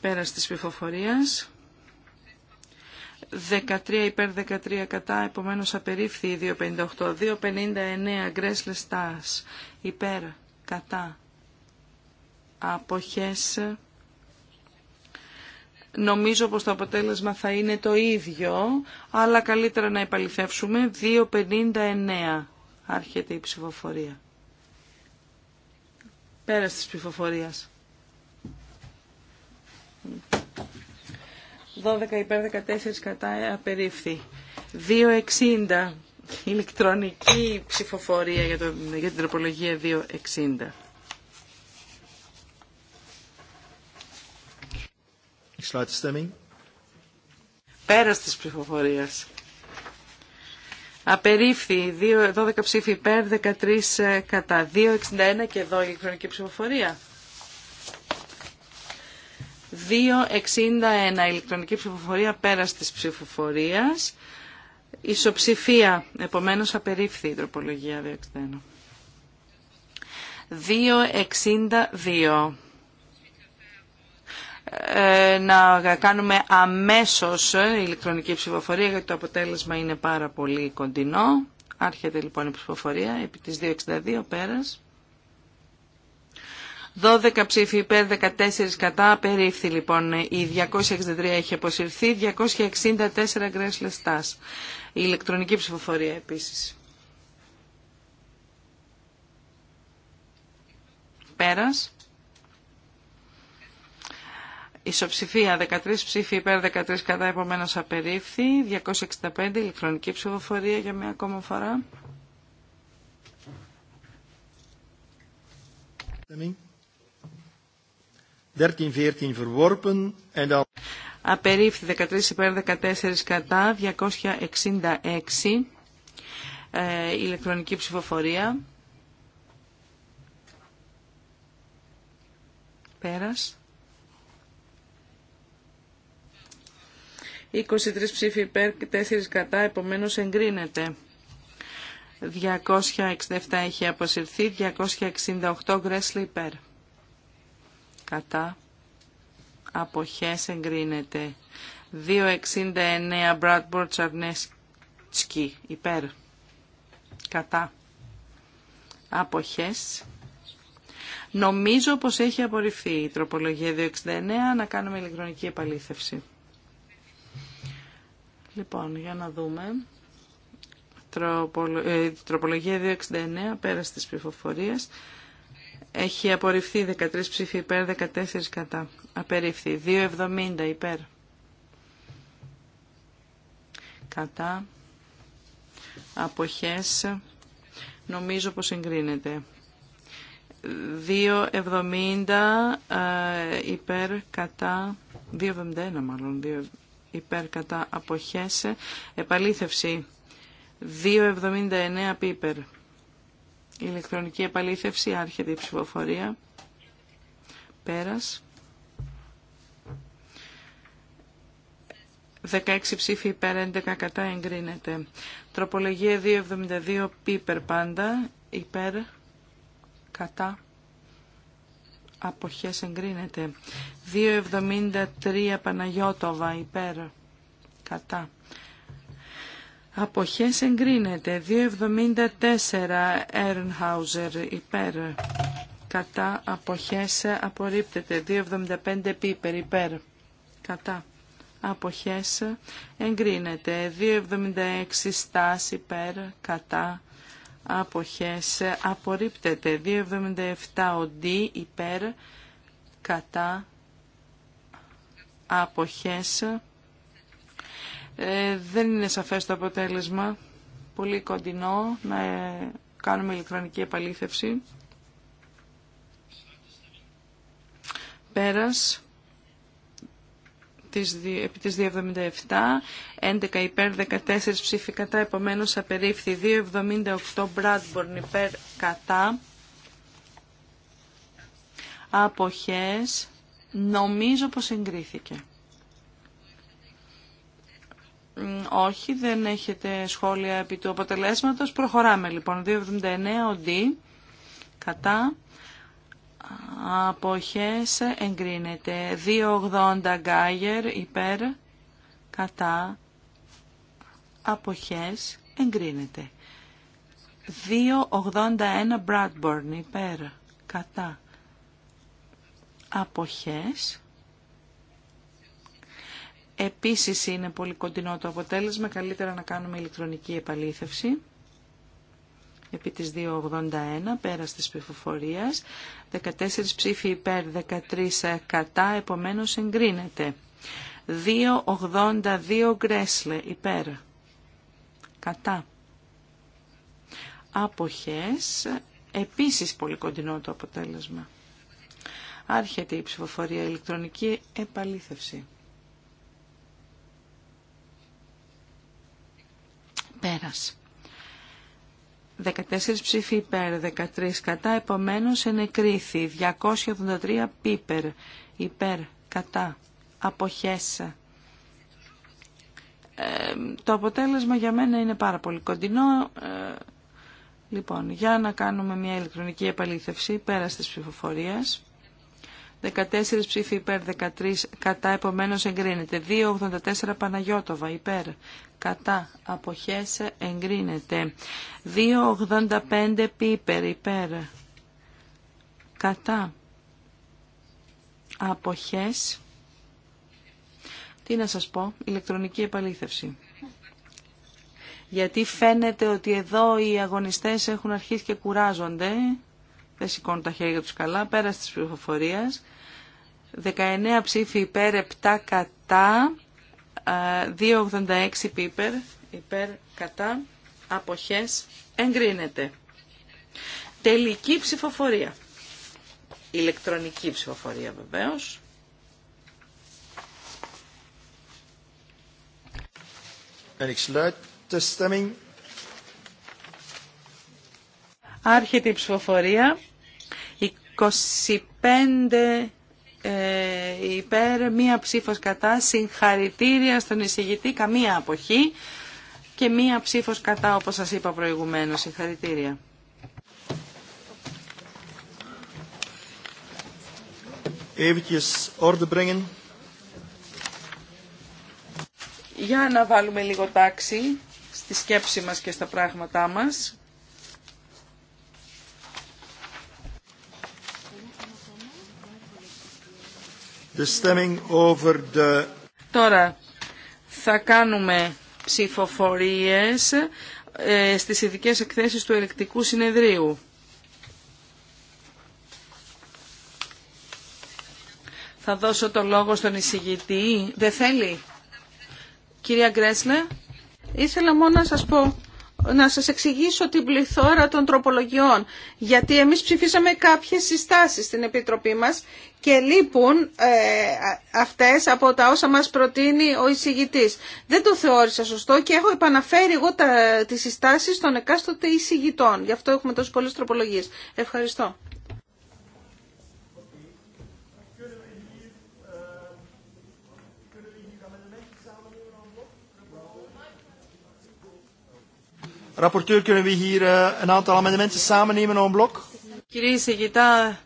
Πέρας της ψηφοφορίας. 13 υπέρ 13 κατά, επομένως απερίφθη η 258. 259 γκρέσλε στάς, υπέρ, κατά, αποχές. Νομίζω πως το αποτέλεσμα θα είναι το ίδιο, αλλά καλύτερα να επαληθεύσουμε. 259 άρχεται η ψηφοφορία. Πέρας της ψηφοφορίας. 12 υπέρ 14 κατά απερίφθη. 2.60 ηλεκτρονική ψηφοφορία για, το, για την τροπολογία 2.60. Πέρα τη ψηφοφορία. Απερίφθη 12 ψήφοι υπέρ, 13 ε, κατά. 2,61 και εδώ ηλεκτρονική ψηφοφορία. 2.61 ηλεκτρονική ψηφοφορία πέρας της ψηφοφορίας. Ισοψηφία, επομένως απερίφθη η τροπολογία 2.61. 2.62 ε, να κάνουμε αμέσως ε, ηλεκτρονική ψηφοφορία γιατί το αποτέλεσμα είναι πάρα πολύ κοντινό. Άρχεται λοιπόν η ψηφοφορία επί της 2.62 πέρας. 12 ψήφοι υπέρ, 14 κατά, απερίφθη, λοιπόν. Η 263 έχει αποσυρθεί, 264 γκρέσλε στάς. Η ηλεκτρονική ψηφοφορία επίσης. Πέρας. Ισοψηφία 13 ψήφοι υπέρ 13 κατά επομένως απερίφθη, 265 ηλεκτρονική ψηφοφορία για μια ακόμα φορά. 13, 14 verworpen en dan... Απερίφθη 13 υπέρ 14 κατά 266 ε, ηλεκτρονική ψηφοφορία. Πέρας. 23 ψήφοι υπέρ 4 κατά, επομένως εγκρίνεται. 267 έχει αποσυρθεί, 268 γκρέσλι υπέρ κατά αποχές εγκρίνεται. 269 Bradford Τσαρνέσκι υπέρ κατά αποχές. Νομίζω πως έχει απορριφθεί η τροπολογία 269 να κάνουμε ηλεκτρονική επαλήθευση. Λοιπόν, για να δούμε. Ε, τροπολογία 269 πέρα της ψηφοφορίας. Έχει απορριφθεί 13 ψήφοι υπέρ, 14 κατά. Απερίφθη. 2,70 υπέρ. Κατά. Αποχές. Νομίζω πως συγκρίνεται. 2,70 ε, υπέρ κατά 2,71 μάλλον 2, υπέρ κατά αποχές επαλήθευση 2,79 πίπερ ηλεκτρονική επαλήθευση, άρχεται η ψηφοφορία. Πέρας. 16 ψήφοι υπέρ, 11 κατά εγκρίνεται. Τροπολογία 272 πίπερ πάντα, υπέρ, κατά, αποχές εγκρίνεται. 273 Παναγιώτοβα υπέρ, κατά, Αποχές εγκρίνεται. 274 Ερνχάουζερ υπέρ. Κατά. Αποχές απορρίπτεται. 275 Πίπερ υπέρ. Κατά. Αποχές εγκρίνεται. 276 Στάση υπέρ. Κατά. Αποχές απορρίπτεται. 277 Οντί υπέρ. Κατά. Αποχές ε, δεν είναι σαφές το αποτέλεσμα. Πολύ κοντινό να ε, κάνουμε ηλεκτρονική επαλήθευση. Πέρας της, επί της 277, 11 υπέρ, 14 ψηφικά κατά, επομένως απερίφθη 278 Bradburn υπέρ κατά, αποχές, νομίζω πως εγκρίθηκε. Όχι, δεν έχετε σχόλια επί του αποτελέσματος. Προχωράμε λοιπόν. 279 οντί κατά αποχές εγκρίνεται. 280 γκάγερ υπέρ κατά αποχές εγκρίνεται. 281 Μπρατμπορν υπέρ κατά αποχές Επίσης είναι πολύ κοντινό το αποτέλεσμα, καλύτερα να κάνουμε ηλεκτρονική επαλήθευση. Επί της 281, πέρα της ψηφοφορίας, 14 ψήφοι υπέρ, 13 κατά, επομένως εγκρίνεται. 282 γκρέσλε υπέρ, κατά. Αποχές, επίσης πολύ κοντινό το αποτέλεσμα. Άρχεται η ψηφοφορία ηλεκτρονική επαλήθευση. Πέρας. 14 ψήφοι υπέρ, 13 κατά, επομένως ενεκρίθη. 283 πίπερ, υπέρ, κατά, αποχέσα το αποτέλεσμα για μένα είναι πάρα πολύ κοντινό. Ε, λοιπόν, για να κάνουμε μια ηλεκτρονική επαλήθευση πέρα της ψηφοφορίας. 14 ψήφοι υπέρ, 13 κατά, επομένως εγκρίνεται. 2.84 Παναγιώτοβα υπέρ, κατά, αποχές εγκρίνεται. 2.85 Πίπερ υπέρ, κατά, αποχές. Τι να σας πω, ηλεκτρονική επαλήθευση. Γιατί φαίνεται ότι εδώ οι αγωνιστές έχουν αρχίσει και κουράζονται. Δεν σηκώνουν τα χέρια τους καλά, πέρα της πληροφορίας. 19 ψήφι υπέρ, 7 κατά, 2,86 υπέρ, υπέρ, κατά, αποχές, εγκρίνεται. Τελική ψηφοφορία. Ηλεκτρονική ψηφοφορία βεβαίως. Άρχεται η ψηφοφορία. 25 ε, υπέρ, μία ψήφος κατά, συγχαρητήρια στον εισηγητή, καμία αποχή και μία ψήφος κατά, όπως σας είπα προηγουμένως, συγχαρητήρια. Για να βάλουμε λίγο τάξη στη σκέψη μας και στα πράγματά μας. Τώρα θα κάνουμε ψηφοφορίες ε, στις ειδικές εκθέσεις του ελεκτικού συνεδρίου. Θα δώσω το λόγο στον εισηγητή. Δεν θέλει. Κυρία Γκρέσλε, ήθελα μόνο να σας πω να σας εξηγήσω την πληθώρα των τροπολογιών, γιατί εμείς ψηφίσαμε κάποιες συστάσεις στην Επιτροπή μας και λείπουν ε, αυτές από τα όσα μας προτείνει ο εισηγητής. Δεν το θεώρησα σωστό και έχω επαναφέρει εγώ τα, τις συστάσεις των εκάστοτε εισηγητών. Γι' αυτό έχουμε τόσο πολλές τροπολογίες. Ευχαριστώ. Rapporteur, και κύριοι, eh, Κύριε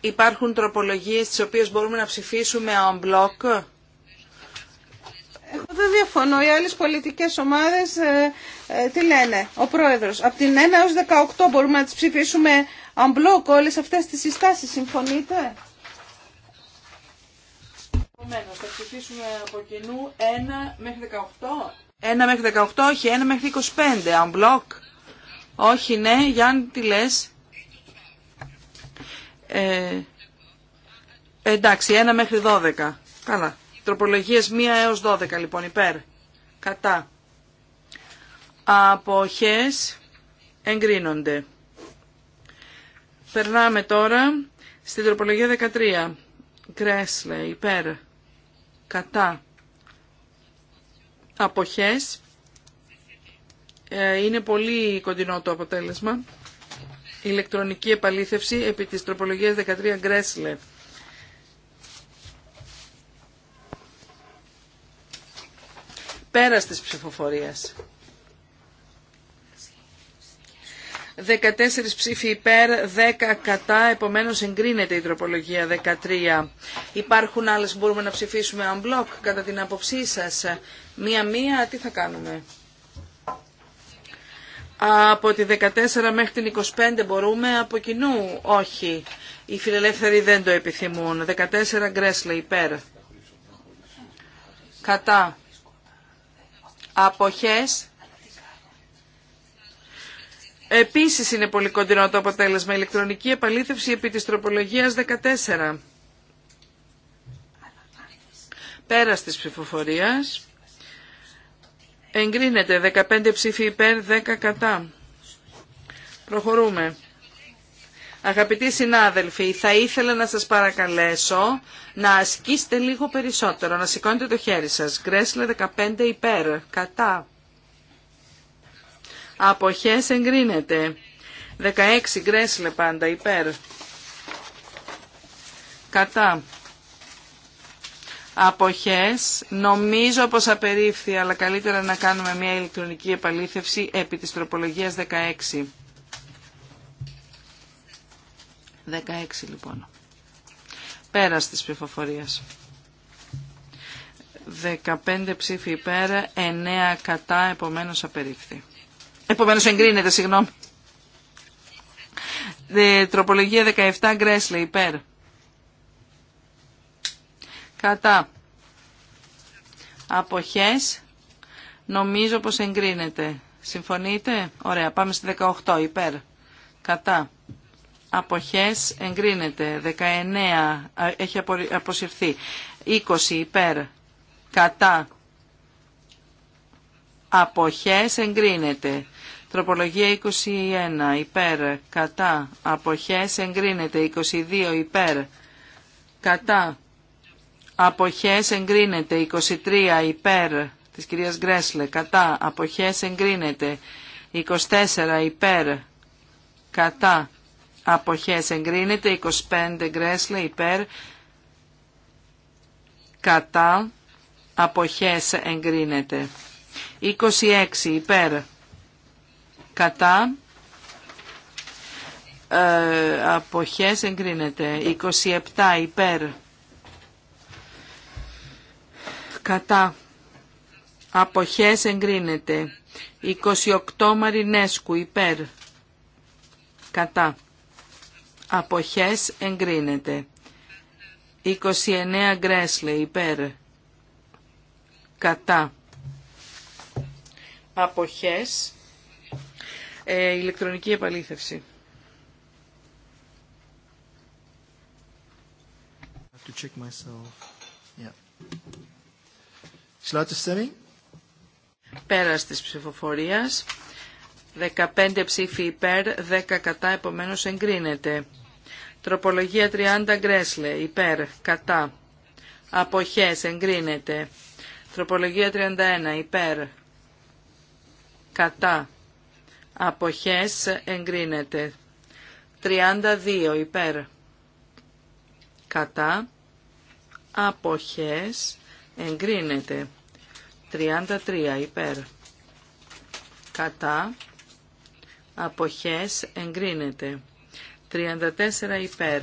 υπάρχουν τροπολογίες τις οποίες μπορούμε να ψηφίσουμε on block. Εγώ δεν διαφωνώ. Οι άλλες πολιτικές ομάδες ε, ε, τι λένε. Ο πρόεδρος. Από την 1 έως 18 μπορούμε να τις ψηφίσουμε on block όλες αυτές τις συστάσεις. Συμφωνείτε. Επομένως θα ψηφίσουμε από κοινού 1 μέχρι 18. 1 μέχρι 18, όχι, 1 μέχρι 25, unblock. Όχι, ναι, Γιάννη, τι λες. Ε, εντάξει, 1 μέχρι 12. Καλά. Τροπολογίες 1 έως 12, λοιπόν, υπέρ. Κατά. Αποχές εγκρίνονται. Περνάμε τώρα στην τροπολογία 13. Κρέσλε, υπέρ. Κατά αποχές ε, είναι πολύ κοντινό το αποτέλεσμα. Ηλεκτρονική επαλήθευση επί της τροπολογίας 13 Γκρέσλε. Πέρας της ψηφοφορίας. 14 ψήφοι υπέρ, 10 κατά, επομένως εγκρίνεται η τροπολογία 13. Υπάρχουν άλλες που μπορούμε να ψηφίσουμε αν μπλοκ κατά την άποψή σας. Μία-μία, τι θα κάνουμε. Από τη 14 μέχρι την 25 μπορούμε, από κοινού όχι. Οι φιλελεύθεροι δεν το επιθυμούν. 14 γκρέσλε υπέρ. Κατά. Αποχές Επίσης είναι πολύ κοντινό το αποτέλεσμα. Ηλεκτρονική επαλήθευση επί της τροπολογίας 14. Πέρας της ψηφοφορία. εγκρίνεται 15 ψήφοι υπέρ 10 κατά. Προχωρούμε. Αγαπητοί συνάδελφοι, θα ήθελα να σας παρακαλέσω να ασκήσετε λίγο περισσότερο, να σηκώνετε το χέρι σας. Γκρέσλε 15 υπέρ, κατά αποχές εγκρίνεται. 16 γκρέσλε πάντα υπέρ. Κατά. Αποχές. Νομίζω πως απερίφθη, αλλά καλύτερα να κάνουμε μια ηλεκτρονική επαλήθευση επί της τροπολογίας 16. 16 λοιπόν. Πέρας της ψηφοφορίας. 15 ψήφοι υπέρ, 9 κατά, επομένως απερίφθη. Επομένω εγκρίνεται, συγγνώμη. Ε, τροπολογία 17 Γκρέσλε υπέρ. Κατά. Αποχές. Νομίζω πως εγκρίνεται. Συμφωνείτε. Ωραία. Πάμε στη 18 υπέρ. Κατά. Αποχές εγκρίνεται. 19 έχει αποσυρθεί. 20 υπέρ. Κατά. Αποχές εγκρίνεται. Τροπολογία 21 υπέρ κατά αποχές εγκρίνεται. 22 υπέρ κατά αποχές εγκρίνεται. 23 υπέρ της κυρίας Γκρέσλε κατά αποχές εγκρίνεται. 24 υπέρ κατά αποχές εγκρίνεται. 25 Γκρέσλε υπέρ κατά αποχές εγκρίνεται. 26 υπέρ κατά ε, αποχές εγκρίνεται 27 υπέρ κατά αποχές εγκρίνεται 28 Μαρινέσκου υπέρ κατά αποχές εγκρίνεται 29 Γκρέσλε υπέρ κατά αποχές ε, ηλεκτρονική επαλήθευση. to check myself. Πέρας της ψηφοφορίας, 15 ψήφοι υπέρ, 10 κατά, επομένως εγκρίνεται. Τροπολογία 30 γκρέσλε, υπέρ, κατά. Αποχές, εγκρίνεται. Τροπολογία 31, υπέρ, κατά αποχές εγκρίνεται. 32 υπέρ κατά αποχές εγκρίνεται. 33 υπέρ κατά αποχές εγκρίνεται. 34 υπέρ.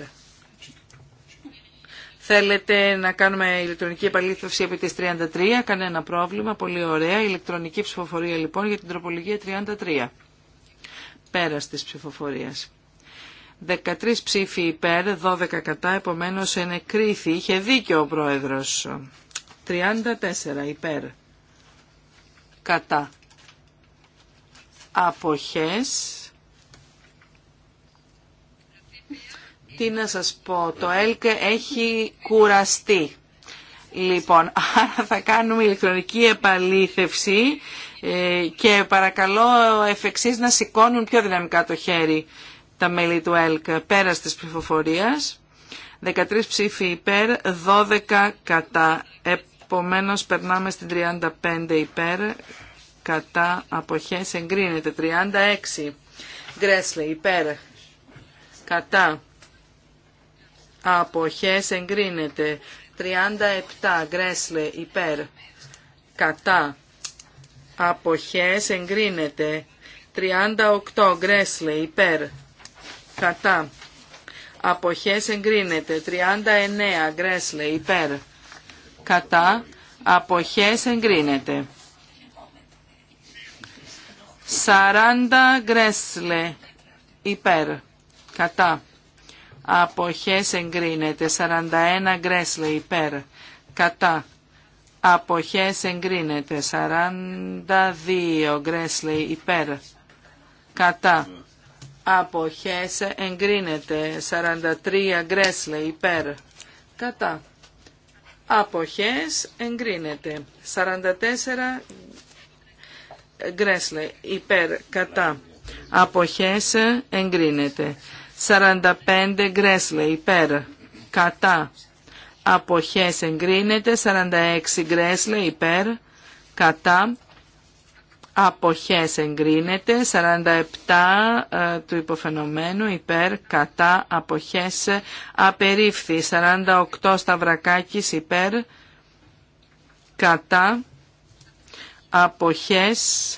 Θέλετε να κάνουμε ηλεκτρονική επαλήθευση επί της 33, κανένα πρόβλημα, πολύ ωραία. Ηλεκτρονική ψηφοφορία λοιπόν για την τροπολογία 33 πέρας της ψηφοφορίας. 13 ψήφοι υπέρ, 12 κατά, επομένως ενεκρίθη. Είχε δίκιο ο πρόεδρος. 34 υπέρ, κατά. Αποχές. Τι να σας πω, το ΕΛΚΕ έχει κουραστεί. Λοιπόν, άρα θα κάνουμε ηλεκτρονική επαλήθευση ε, και παρακαλώ εφ' να σηκώνουν πιο δυναμικά το χέρι τα μέλη του ΕΛΚ πέρας της ψηφοφορίας. 13 ψήφοι υπέρ, 12 κατά. Επομένως περνάμε στην 35 υπέρ, κατά αποχές εγκρίνεται. 36 γκρέσλε υπέρ, κατά αποχές εγκρίνεται. 37 γκρέσλε υπέρ, κατά αποχές εγκρίνεται. 38 γκρέσλε υπέρ κατά αποχές εγκρίνεται. 39 γκρέσλε υπέρ κατά αποχές εγκρίνεται. 40 γκρέσλε υπέρ κατά αποχές εγκρίνεται. 41 γκρέσλε υπέρ κατά Αποχές εγκρίνεται. 42 γκρέσλι υπέρ. Κατά. Αποχές εγκρίνεται. 43 γκρέσλι υπέρ. Κατά. Αποχές εγκρίνεται. 44 γκρέσλε υπέρ κατά. Αποχές εγκρίνεται. 45 γκρέσλε υπέρ κατά αποχές εγκρίνεται, 46 γκρέσλε υπέρ, κατά, αποχές εγκρίνεται, 47 ε, του υποφαινομένου υπέρ, κατά, αποχές απερίφθη, 48 σταυρακάκης υπέρ, κατά, αποχές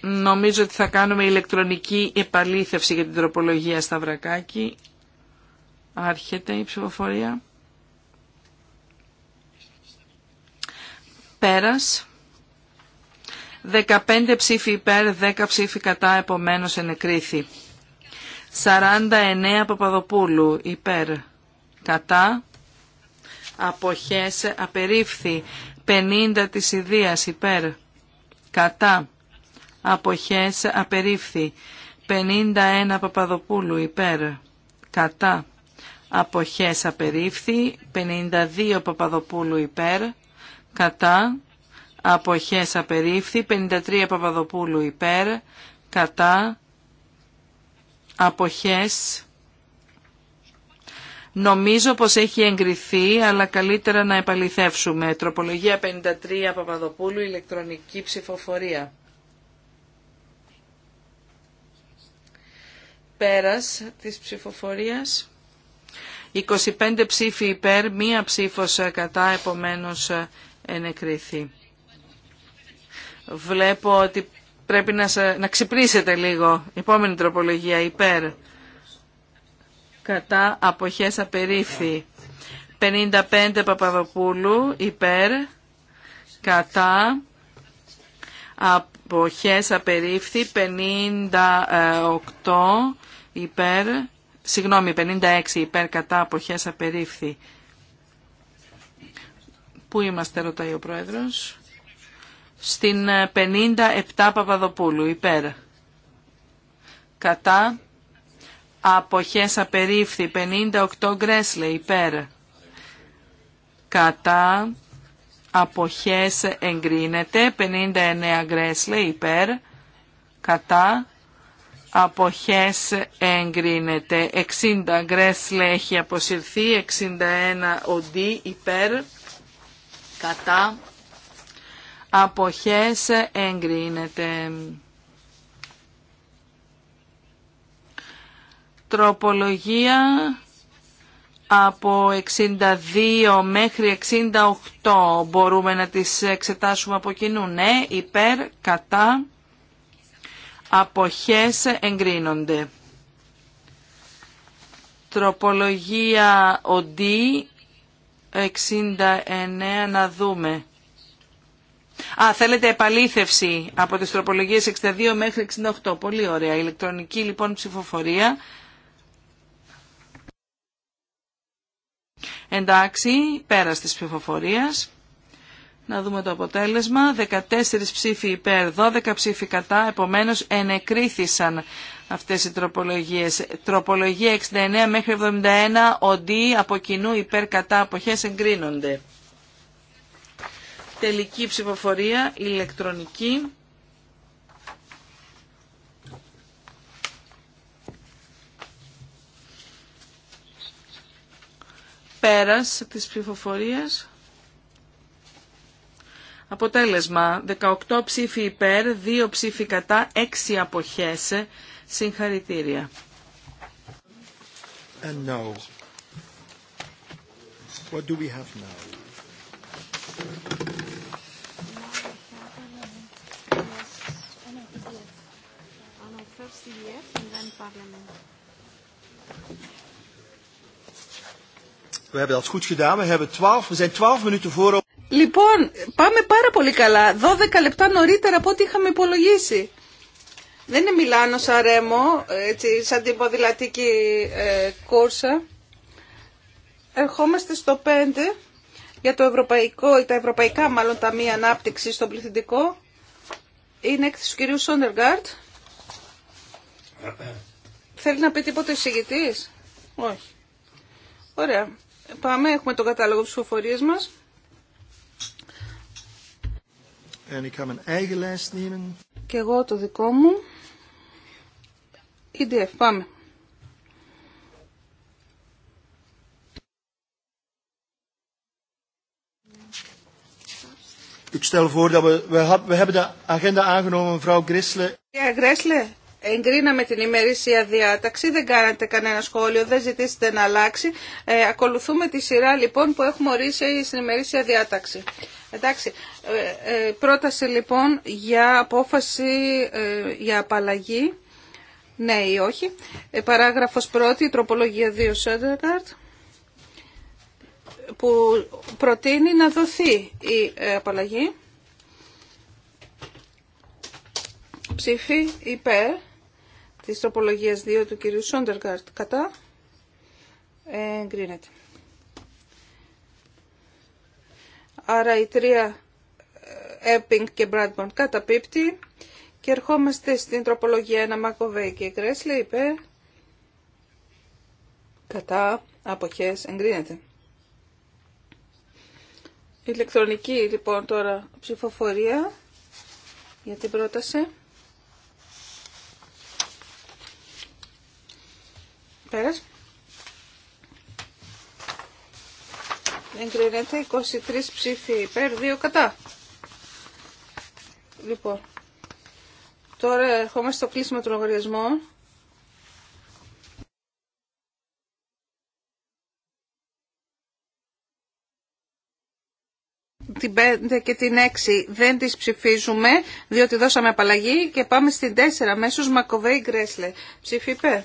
Νομίζω ότι θα κάνουμε ηλεκτρονική επαλήθευση για την τροπολογία Σταυρακάκη. Άρχεται η ψηφοφορία. Πέρας. 15 ψήφοι υπέρ, 10 ψήφοι κατά, επομένως ενεκρίθη. 49 Παπαδοπούλου υπέρ, κατά, αποχές, απερίφθη. 50 της Ιδίας υπέρ, κατά, αποχές, απερίφθη. 51 Παπαδοπούλου υπέρ, κατά, αποχές απερίφθη, 52 Παπαδοπούλου υπέρ, κατά, αποχές απερίφθη, 53 Παπαδοπούλου υπέρ, κατά, αποχές Νομίζω πως έχει εγκριθεί, αλλά καλύτερα να επαληθεύσουμε. Τροπολογία 53 Παπαδοπούλου, ηλεκτρονική ψηφοφορία. Πέρας της ψηφοφορίας. 25 ψήφοι υπέρ, μία ψήφος κατά, επομένως ε, ενεκρίθη. Βλέπω ότι πρέπει να, να ξυπνήσετε λίγο. Επόμενη τροπολογία υπέρ. Κατά αποχές απερίφθη. 55 Παπαδοπούλου υπέρ. Κατά αποχές απερίφθη. 58 υπέρ συγγνώμη, 56 υπέρ κατά αποχές απερίφθη. Πού είμαστε, ρωτάει ο Πρόεδρος. Στην 57 ε, Παπαδοπούλου, υπέρ. Κατά. Αποχές απερίφθη. 58 Γκρέσλε, υπέρ. Κατά. Αποχές εγκρίνεται. 59 Γκρέσλε, υπέρ. Κατά αποχές εγκρίνεται. 60 γκρέσλε έχει αποσυρθεί, 61 οντί υπέρ, κατά, αποχές εγκρίνεται. Τροπολογία από 62 μέχρι 68 μπορούμε να τις εξετάσουμε από κοινού. Ναι, υπέρ, κατά, αποχές εγκρίνονται. Τροπολογία οντί 69 να δούμε. Α, θέλετε επαλήθευση από τις τροπολογίες 62 μέχρι 68. Πολύ ωραία. Ηλεκτρονική λοιπόν ψηφοφορία. Εντάξει, πέρας της ψηφοφορίας. Να δούμε το αποτέλεσμα. 14 ψήφοι υπέρ, 12 ψήφοι κατά, επομένως ενεκρίθησαν αυτές οι τροπολογίες. Τροπολογία 69 μέχρι 71, οντί από κοινού υπέρ κατά αποχές εγκρίνονται. Τελική ψηφοφορία, ηλεκτρονική. Πέρας της ψηφοφορίας. Αποτέλεσμα, 18 ψήφοι υπέρ, 2 ψήφοι κατά, 6 αποχές. Συγχαρητήρια. And now, what do we have now? We hebben dat goed gedaan. We, hebben 12, we zijn 12 minuten voor. Λοιπόν, πάμε πάρα πολύ καλά. 12 λεπτά νωρίτερα από ό,τι είχαμε υπολογίσει. Δεν είναι Μιλάνο Σαρέμο, έτσι, σαν την ποδηλατική ε, κούρσα. Ερχόμαστε στο 5 για το ευρωπαϊκό, τα ευρωπαϊκά μάλλον ταμεία ανάπτυξη στον πληθυντικό. Είναι έκθεση του κυρίου Σόντεργαρτ. Θέλει να πει τίποτα ο εισηγητής. Όχι. Ωραία. Πάμε, έχουμε τον κατάλογο ψηφοφορίες μας. ik ga mijn eigen lijst nemen. Και εγώ το δικό μου. EDF, πάμε. Ik stel voor dat we, we, we hebben de agenda aangenomen, mevrouw Ja, εγκρίναμε την ημερήσια διάταξη, δεν κάνατε κανένα σχόλιο, δεν ζητήσετε να αλλάξει. Ε, ακολουθούμε τη σειρά λοιπόν που έχουμε ορίσει στην ημερήσια διάταξη. Εντάξει, ε, ε, πρόταση λοιπόν για απόφαση ε, για απαλλαγή, ναι ή όχι. Παράγραφος 1, τροπολογία 2 Σόντεργαρτ, που προτείνει να δοθεί η απαλλαγή. Ψήφι υπέρ της τροπολογίας 2 του κυρίου Σόντεργαρτ κατά εγκρίνεται. Άρα οι τρία Έπινγκ ε, και Μπράντμον καταπίπτει και ερχόμαστε στην τροπολογία 1 Μακοβέη και Γκρέσλε είπε κατά αποχές εγκρίνεται. Ηλεκτρονική λοιπόν τώρα ψηφοφορία για την πρόταση. Πέρας. Εγκρίνεται 23 ψήφοι υπέρ, 2 κατά. Λοιπόν, τώρα ερχόμαστε στο κλείσιμο των λογαριασμού. την 5 και την 6 δεν τις ψηφίζουμε, διότι δώσαμε απαλλαγή και πάμε στην 4, μέσως Μακοβέη Γκρέσλε. Ψήφι υπέρ.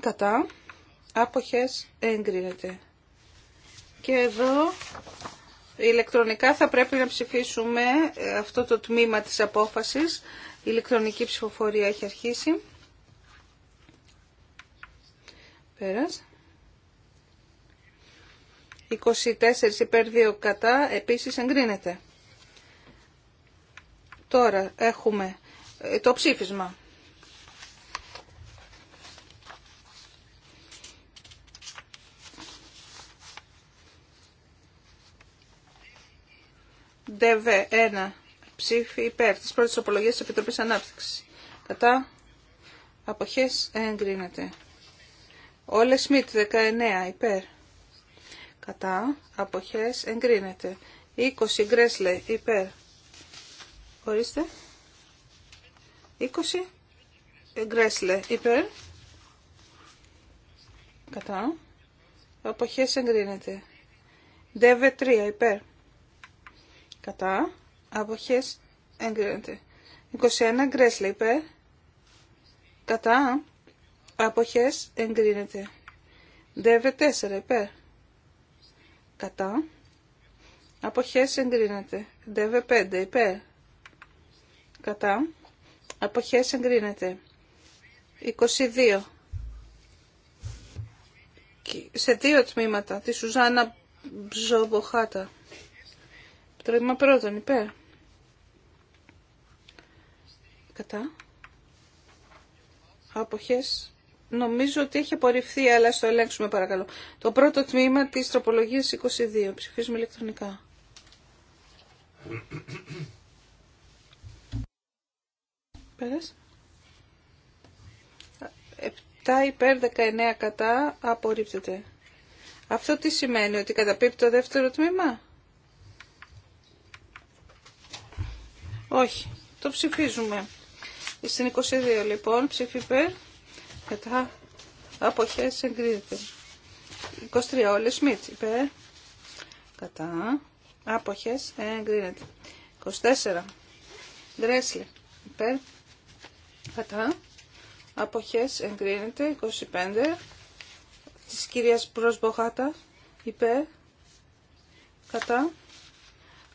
Κατά. Άποχες εγκρίνεται. Και εδώ ηλεκτρονικά θα πρέπει να ψηφίσουμε ε, αυτό το τμήμα της απόφασης. Η ηλεκτρονική ψηφοφορία έχει αρχίσει. Πέρας. 24 υπέρ 2 κατά επίσης εγκρίνεται. Τώρα έχουμε ε, το ψήφισμα. DV1 ψήφι υπέρ της πρώτης απολογίας της Επιτροπής Ανάπτυξης. Κατά αποχές εγκρίνεται. Όλε Σμιτ 19 υπέρ. Κατά αποχές εγκρίνεται. 20 Γκρέσλε υπέρ. Ορίστε. 20 Γκρέσλε υπέρ. Κατά. Αποχές εγκρίνεται. ΔΕΒΕ 3 υπέρ κατά, αποχές, εγκρίνεται. 21 γκρέσλε υπέρ, κατά, αποχές, εγκρίνεται. Δεύε 4 υπέρ, κατά, αποχές, εγκρίνεται. Δεύε 5 υπέρ, κατά, αποχές, εγκρίνεται. 22 σε δύο τμήματα, τη Σουζάνα Μπζομποχάτα είμαι πρώτον υπέρ. Κατά. Αποχές. Νομίζω ότι έχει απορριφθεί, αλλά στο ελέγξουμε παρακαλώ. Το πρώτο τμήμα της τροπολογίας 22. Ψηφίζουμε ηλεκτρονικά. Πέρασε. 7 υπέρ 19 κατά απορρίπτεται. Αυτό τι σημαίνει, ότι καταπίπτει το δεύτερο τμήμα. Όχι. Το ψηφίζουμε. Στην 22 λοιπόν ψήφι υπέρ. Κατά αποχές εγκρίνεται. 23 όλες μίτ. υπέρ. Κατά αποχές εγκρίνεται. 24 δρέσλε, υπέρ. Κατά αποχές εγκρίνεται. 25 της κυρίας Προσμποχάτα υπέρ. Κατά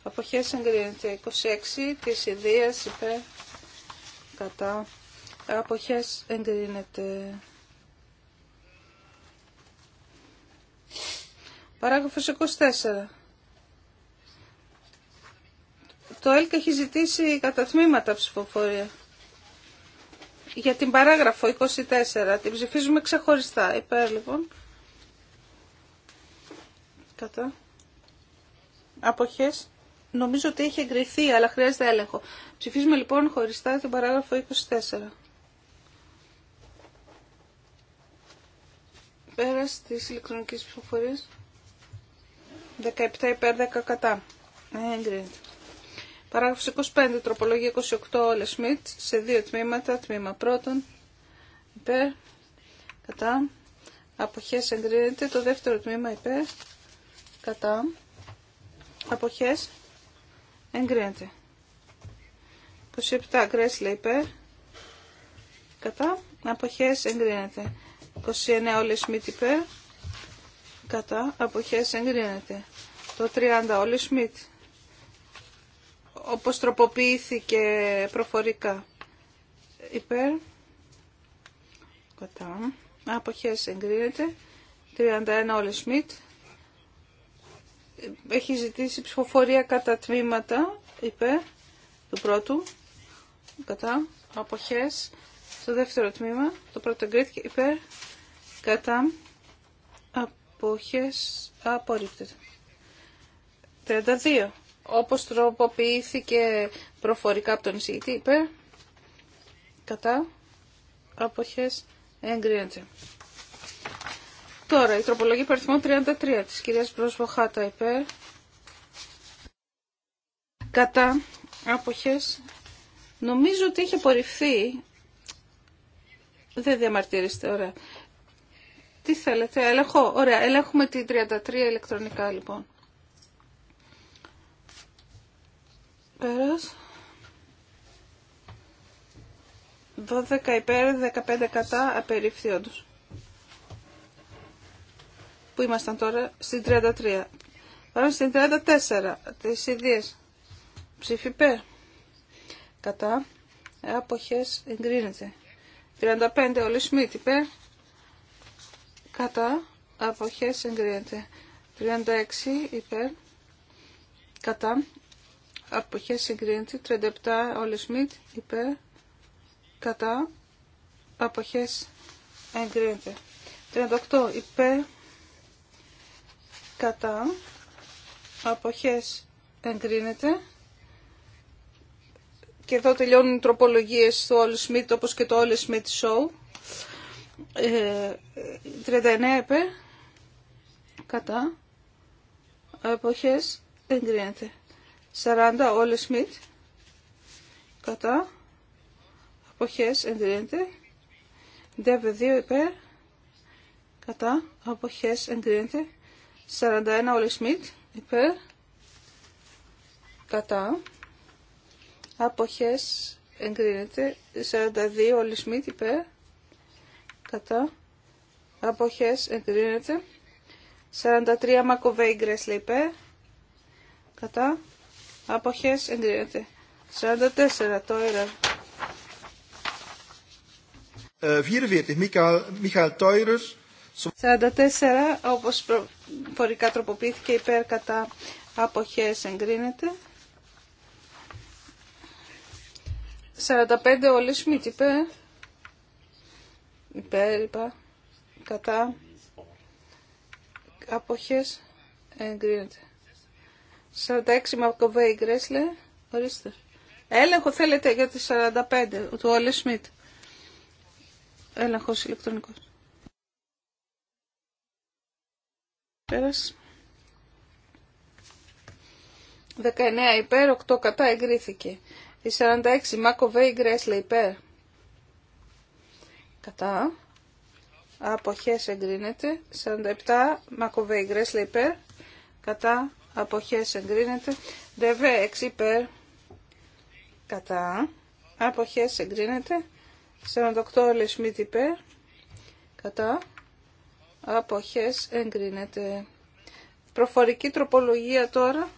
Αποχές εγκρίνεται 26 της ιδίας υπέρ κατά. Αποχές εγκρίνεται. Παράγραφος 24. Το ΕΛΚ έχει ζητήσει κατά ψηφοφορία. Για την παράγραφο 24 την ψηφίζουμε ξεχωριστά. Υπέρ λοιπόν. Κατά. Αποχές. Νομίζω ότι έχει εγκριθεί, αλλά χρειάζεται έλεγχο. Ψηφίζουμε λοιπόν χωριστά την παράγραφο 24. Πέρα τη ηλεκτρονική ψηφοφορία. 17 υπέρ 10 κατά. Ε, εγκρίνεται. Παράγραφος 25, τροπολογία 28, όλε μιτ σε δύο τμήματα. Τμήμα πρώτον, υπέρ, κατά. Αποχές εγκρίνεται. Το δεύτερο τμήμα υπέρ, κατά. Αποχές Εγκρίνεται. 27 Γκρέσλε υπέρ. Κατά. Αποχές εγκρίνεται. 29 Όλε Σμιτ υπέρ. Κατά. Αποχές εγκρίνεται. Το 30 Όλε Σμιτ. Όπως τροποποιήθηκε προφορικά. Υπέρ. Κατά. Αποχές εγκρίνεται. 31 Όλε Σμιτ έχει ζητήσει ψηφοφορία κατά τμήματα, είπε, του πρώτου, κατά, αποχές, στο δεύτερο τμήμα, το πρώτο εγκρίθηκε, είπε κατά, αποχές, απορρίπτεται. 32. Όπως τροποποιήθηκε προφορικά από τον εισηγητή, είπε κατά, αποχές, εγκρίνεται. Τώρα, η τροπολογία παριθμών 33 της κυρίας Μπροσβοχάτα υπέρ. Κατά άποχες. Νομίζω ότι έχει απορριφθεί. Δεν διαμαρτύρεστε, ωραία. Τι θέλετε, ελεγχώ. Ωραία, ελέγχουμε την 33 ηλεκτρονικά λοιπόν. Πέρας. 12 υπέρ, 15 κατά, απεριφθεί όντως. Πού ήμασταν τώρα, στην 33. Πάμε στην 34, τι ιδίε. Ψήφι Κατά. Αποχές εγκρίνεται. 35, όλοι Σμίτ υπέρ. Κατά. Αποχές εγκρίνεται. 36 υπέρ. Κατά. Αποχές εγκρίνεται. 37, όλοι Σμίτ υπέρ. Κατά. Αποχές εγκρίνεται. 38 υπέρ κατά αποχές εγκρίνεται και εδώ τελειώνουν οι τροπολογίες του Όλου Σμιτ όπως και το Όλου Σμιτ Show 39 επέ κατά αποχές εγκρίνεται 40 Όλου Σμιτ κατά αποχές εγκρίνεται ΔΕΒ 2 κατά αποχές εγκρίνεται 41 όλοι Σμιτ υπέρ κατά αποχές εγκρίνεται 42 όλοι Σμιτ υπέρ κατά αποχές εγκρίνεται 43 Μακοβέι Γκρέσλε υπέρ κατά αποχές εγκρίνεται 44 Τόιρα 44 Μιχαήλ Τόιρος 44 όπως φορικά τροποποιήθηκε υπέρ κατά αποχές εγκρίνεται. 45 όλοι Σμιτ υπέρ. Υπέρ είπα. Κατά αποχές εγκρίνεται. 46 Μαρκοβέη Γκρέσλε. Ορίστε. Έλεγχο θέλετε για τις 45 του Όλε Σμιτ. Έλεγχος ηλεκτρονικός. 19 υπέρ, 8 κατά εγκρίθηκε. Η 46 Μάκοβέη Γκρέσλε υπέρ. Κατά. Αποχές εγκρίνεται. 47 Μακοβέη Γκρέσλε υπέρ. Κατά. Αποχές εγκρίνεται. Δεβέ 6 υπέρ. Κατά. Αποχές εγκρίνεται. 48 Λεσμίτ υπέρ. Κατά αποχές εγκρίνεται. Προφορική τροπολογία τώρα.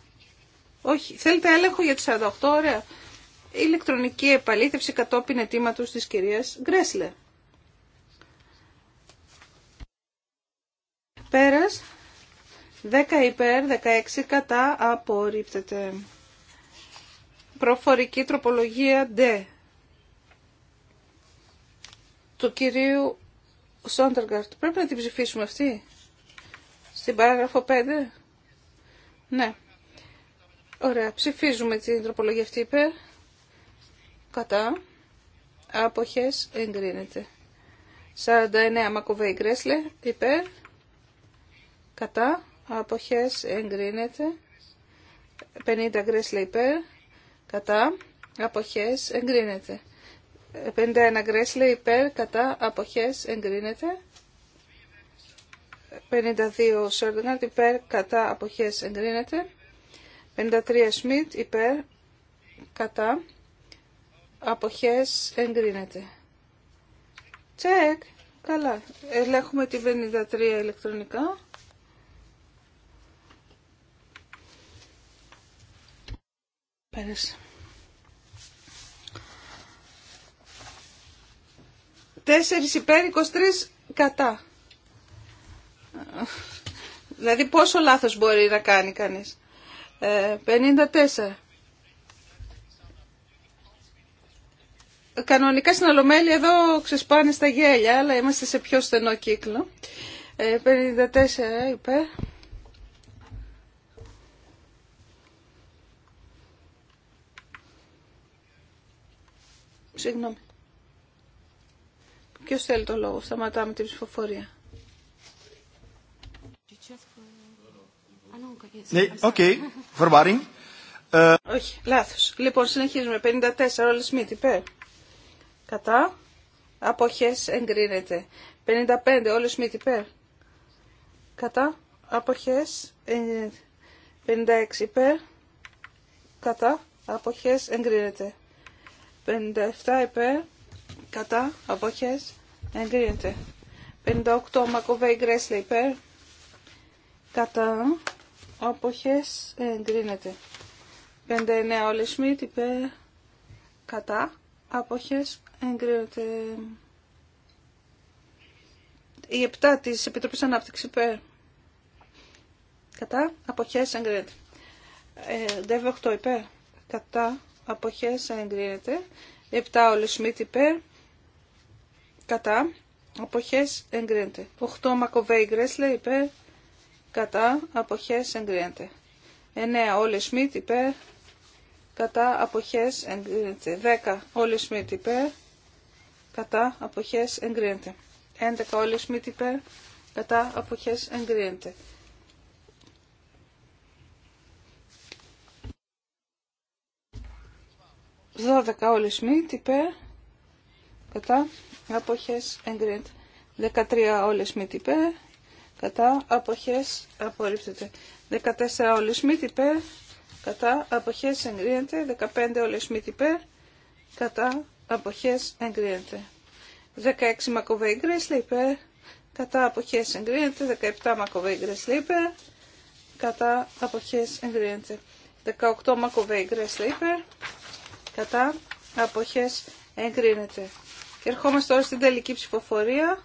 Όχι, θέλετε έλεγχο για τις 48, ωραία. Ηλεκτρονική επαλήθευση κατόπιν αιτήματος της κυρίας Γκρέσλε. Πέρας, 10 υπέρ, 16 κατά, απορρίπτεται. Προφορική τροπολογία D. Του κυρίου Σόντεργαρτ, πρέπει να την ψηφίσουμε αυτή. Στην παράγραφο 5. Ναι. Ωραία. Ψηφίζουμε την τροπολογία αυτή υπέρ. Κατά. Αποχές εγκρίνεται. 49 μακουβέι Γκρέσλε υπέρ. Κατά. Αποχές εγκρίνεται. 50 Γκρέσλε υπέρ. Κατά. Αποχές εγκρίνεται. 51 γκρέσλε υπέρ κατά αποχές εγκρίνεται. 52 Σόρντεγκαρτ υπέρ κατά αποχές εγκρίνεται. 53 Σμιτ υπέρ κατά αποχές εγκρίνεται. Τσεκ. Καλά. Ελέγχουμε τη 53 ηλεκτρονικά. Πέρασε. 4 υπέρ, 23 κατά. Δηλαδή πόσο λάθος μπορεί να κάνει κανείς. Ε, 54. Κανονικά στην Ολομέλη εδώ ξεσπάνε στα γέλια, αλλά είμαστε σε πιο στενό κύκλο. Ε, 54 υπέρ. Συγγνώμη. Ποιο θέλει το λόγο. Σταματάμε την ψηφοφορία. Ναι, οκ. Ε, Όχι, λάθο. Λοιπόν, συνεχίζουμε. 54, όλες μη υπέρ. Κατά. απόχέ, εγκρίνεται. 55, όλε μη υπέρ. Κατά. απόχέ. 56 υπέρ. Κατά. απόχέ, εγκρίνεται. 57 υπέρ κατά αποχές εγκρίνεται 58 Μακοβέη Γκρέσλε υπέρ κατά αποχές εγκρίνεται 59 Όλε Σμιτ υπέρ κατά αποχές εγκρίνεται η 7 της Επιτροπής Ανάπτυξης υπέρ κατά αποχές εγκρίνεται ε, 8 υπέρ κατά αποχές εγκρίνεται 7 Όλε Σμιτ υπέρ κατά, Αποχέ εγκρίνεται. 8 Μακοβέη Γκρέσλε υπέρ, κατά, Αποχέ εγκρίνεται. 9 Όλε Σμιτ υπέρ, κατά, Αποχέ εγκρίνεται. 10 Όλε Σμιτ υπέρ, κατά, Αποχέ εγκρίνεται. 11 Όλε Σμιτ υπέρ, κατά, Αποχέ εγκρίνεται. Δώδεκα όλε. μη, υπέρ, κατά αποχές εγκρίνεται. 13 όλες μη τυπέ, κατά αποχές απορρίπτεται. 14 όλες μη τυπέ, κατά αποχές εγκρίνεται. 15 όλες μη τυπέ, κατά αποχές εγκρίνεται. 16 μακόβέ γκρέσλι υπέρ, κατά αποχές εγκρίνεται. 17 μακοβέ γκρέσλι κατά αποχές εγκρίνεται. 18 μακόβέ γκρέσλι κατά αποχές εγκρίνεται ερχόμαστε τώρα στην τελική ψηφοφορία.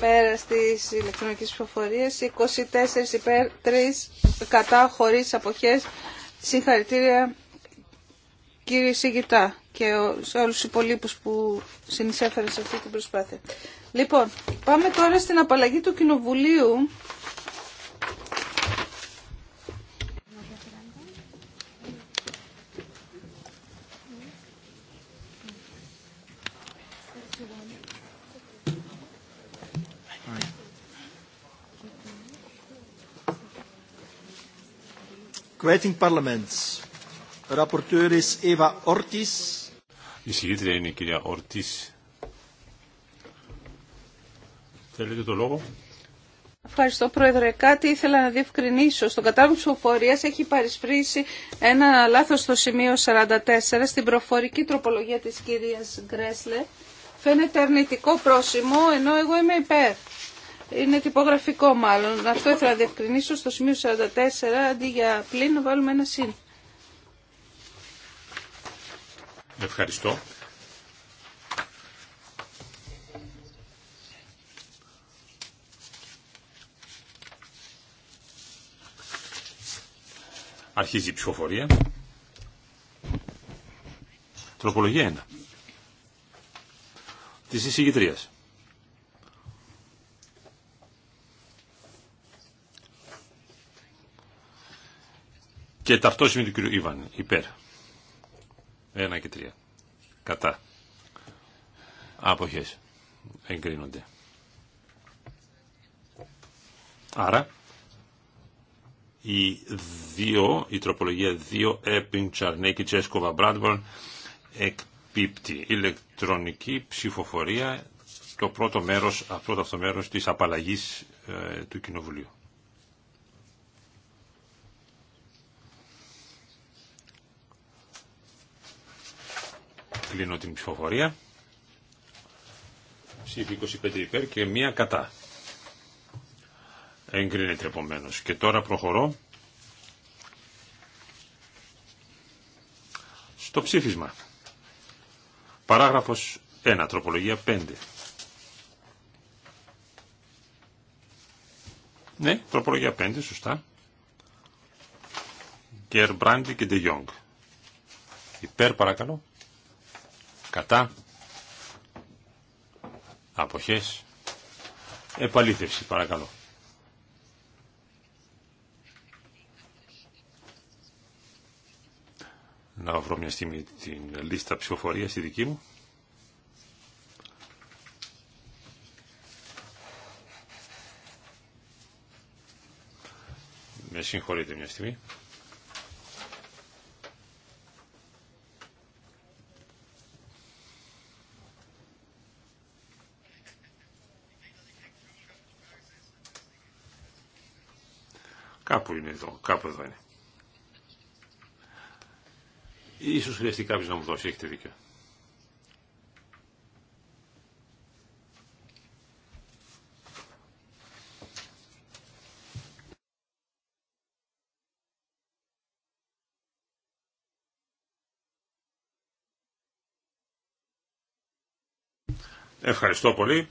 Πέρα τη ηλεκτρονική ψηφοφορία 24 υπέρ 3 κατά χωρί αποχέ. Συγχαρητήρια κύριε Σιγητά και σε όλου του υπολείπου που συνεισέφεραν σε αυτή την προσπάθεια. Λοιπόν, πάμε τώρα στην απαλλαγή του Κοινοβουλίου Ευχαριστώ Πρόεδρε. Κάτι ήθελα να διευκρινίσω. Στον κατάλογο ψηφοφορία έχει παρισφρήσει ένα λάθο στο σημείο 44 στην προφορική τροπολογία τη κυρία Γκρέσλε. Φαίνεται αρνητικό πρόσημο ενώ εγώ είμαι υπέρ. Είναι τυπογραφικό μάλλον. Αυτό ήθελα να διευκρινίσω στο σημείο 44, αντί για πλήν να βάλουμε ένα συν. Ευχαριστώ. Αρχίζει η ψηφοφορία. Τροπολογία 1. Της εισηγητρίας. Και ταυτόσημη του κύριου Ιβαν, υπέρ. Ένα και τρία. Κατά. Αποχές. Εγκρίνονται. Άρα, οι δύο, η τροπολογία 2, Έπινγκ, Τσαρνέκη, Τσέσκοβα, Μπράντμπορν, εκπίπτει ηλεκτρονική ψηφοφορία το πρώτο μέρος, αυτό το μέρος της απαλλαγής ε, του Κοινοβουλίου. Κλείνω την ψηφοφορία. Ψήφι 25 υπέρ και μία κατά. Εγκρίνεται επομένω. Και τώρα προχωρώ στο ψήφισμα. Παράγραφος 1, τροπολογία 5. Ναι, τροπολογία 5, σωστά. Γκέρ Μπράντι και Ντε Γιόγκ. Υπέρ παρακαλώ. Κατά. Αποχές. Επαλήθευση παρακαλώ. Να βρω μια στιγμή την λίστα ψηφοφορία στη δική μου. Με συγχωρείτε μια στιγμή. Κάπου είναι εδώ. Κάπου εδώ είναι. Ίσως χρειαστεί κάποιο να μου δώσει. Έχετε δίκιο. Ευχαριστώ πολύ.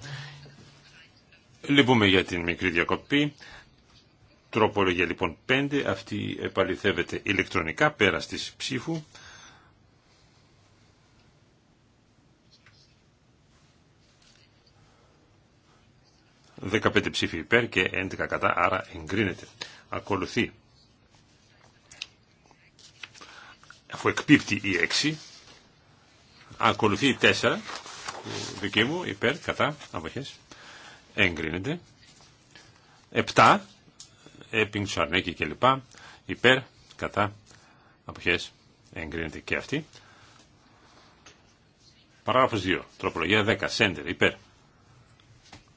Λυπούμε για την μικρή διακοπή. Τροπολογία λοιπόν 5, αυτή επαληθεύεται ηλεκτρονικά πέρα της ψήφου. ...15 ψήφοι υπέρ και 11 κατά, άρα εγκρίνεται. Ακολουθεί. Αφού εκπίπτει η 6, ακολουθεί η 4, δική μου, υπέρ, κατά, αποχές, εγκρίνεται. 7, Έπινγκ, Σαρνέκη κλπ. Υπέρ, κατά, αποχές, εγκρίνεται και αυτή. Παράγραφος 2. Τροπολογία 10. Σέντερ. Υπέρ.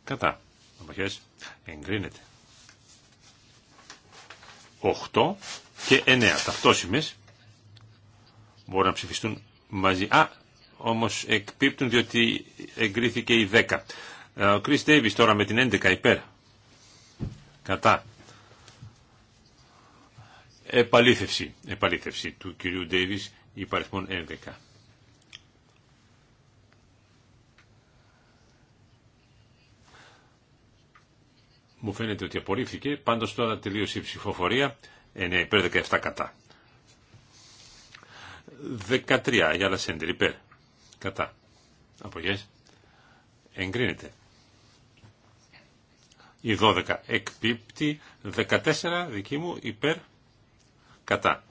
Κατά. Αποχές. Εγκρίνεται. 8 και 9. Ταυτόσημες. Μπορούν να ψηφιστούν μαζί. Α, όμως εκπίπτουν διότι εγκρίθηκε η 10. Ε, ο Κρι τώρα με την 11 υπέρ. Κατά επαλήθευση, επαλήθευση του κυρίου Ντέιβις υπαριθμών 11. Μου φαίνεται ότι απορρίφθηκε, πάντως τώρα τελείωσε η ψηφοφορία, 9 ε, ναι, υπέρ 17 κατά. 13 για Λασέντερ υπέρ, κατά. Απογές, εγκρίνεται. Η 12 εκπίπτει, 14 δική μου υπέρ, κατά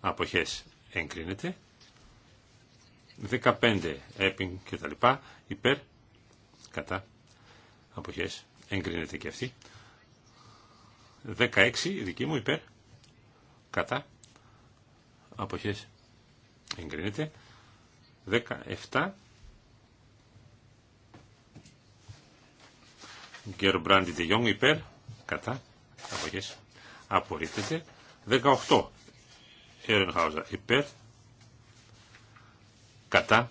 αποχές εγκρίνεται 15 έπιν και τα λοιπά υπέρ κατά αποχές εγκρίνεται και αυτή 16 δική μου υπέρ κατά αποχές εγκρίνεται 17 Γκέρο Μπράντι υπέρ κατά αποχές απορρίπτεται 18. Ερενχάουζα υπέρ. Κατά.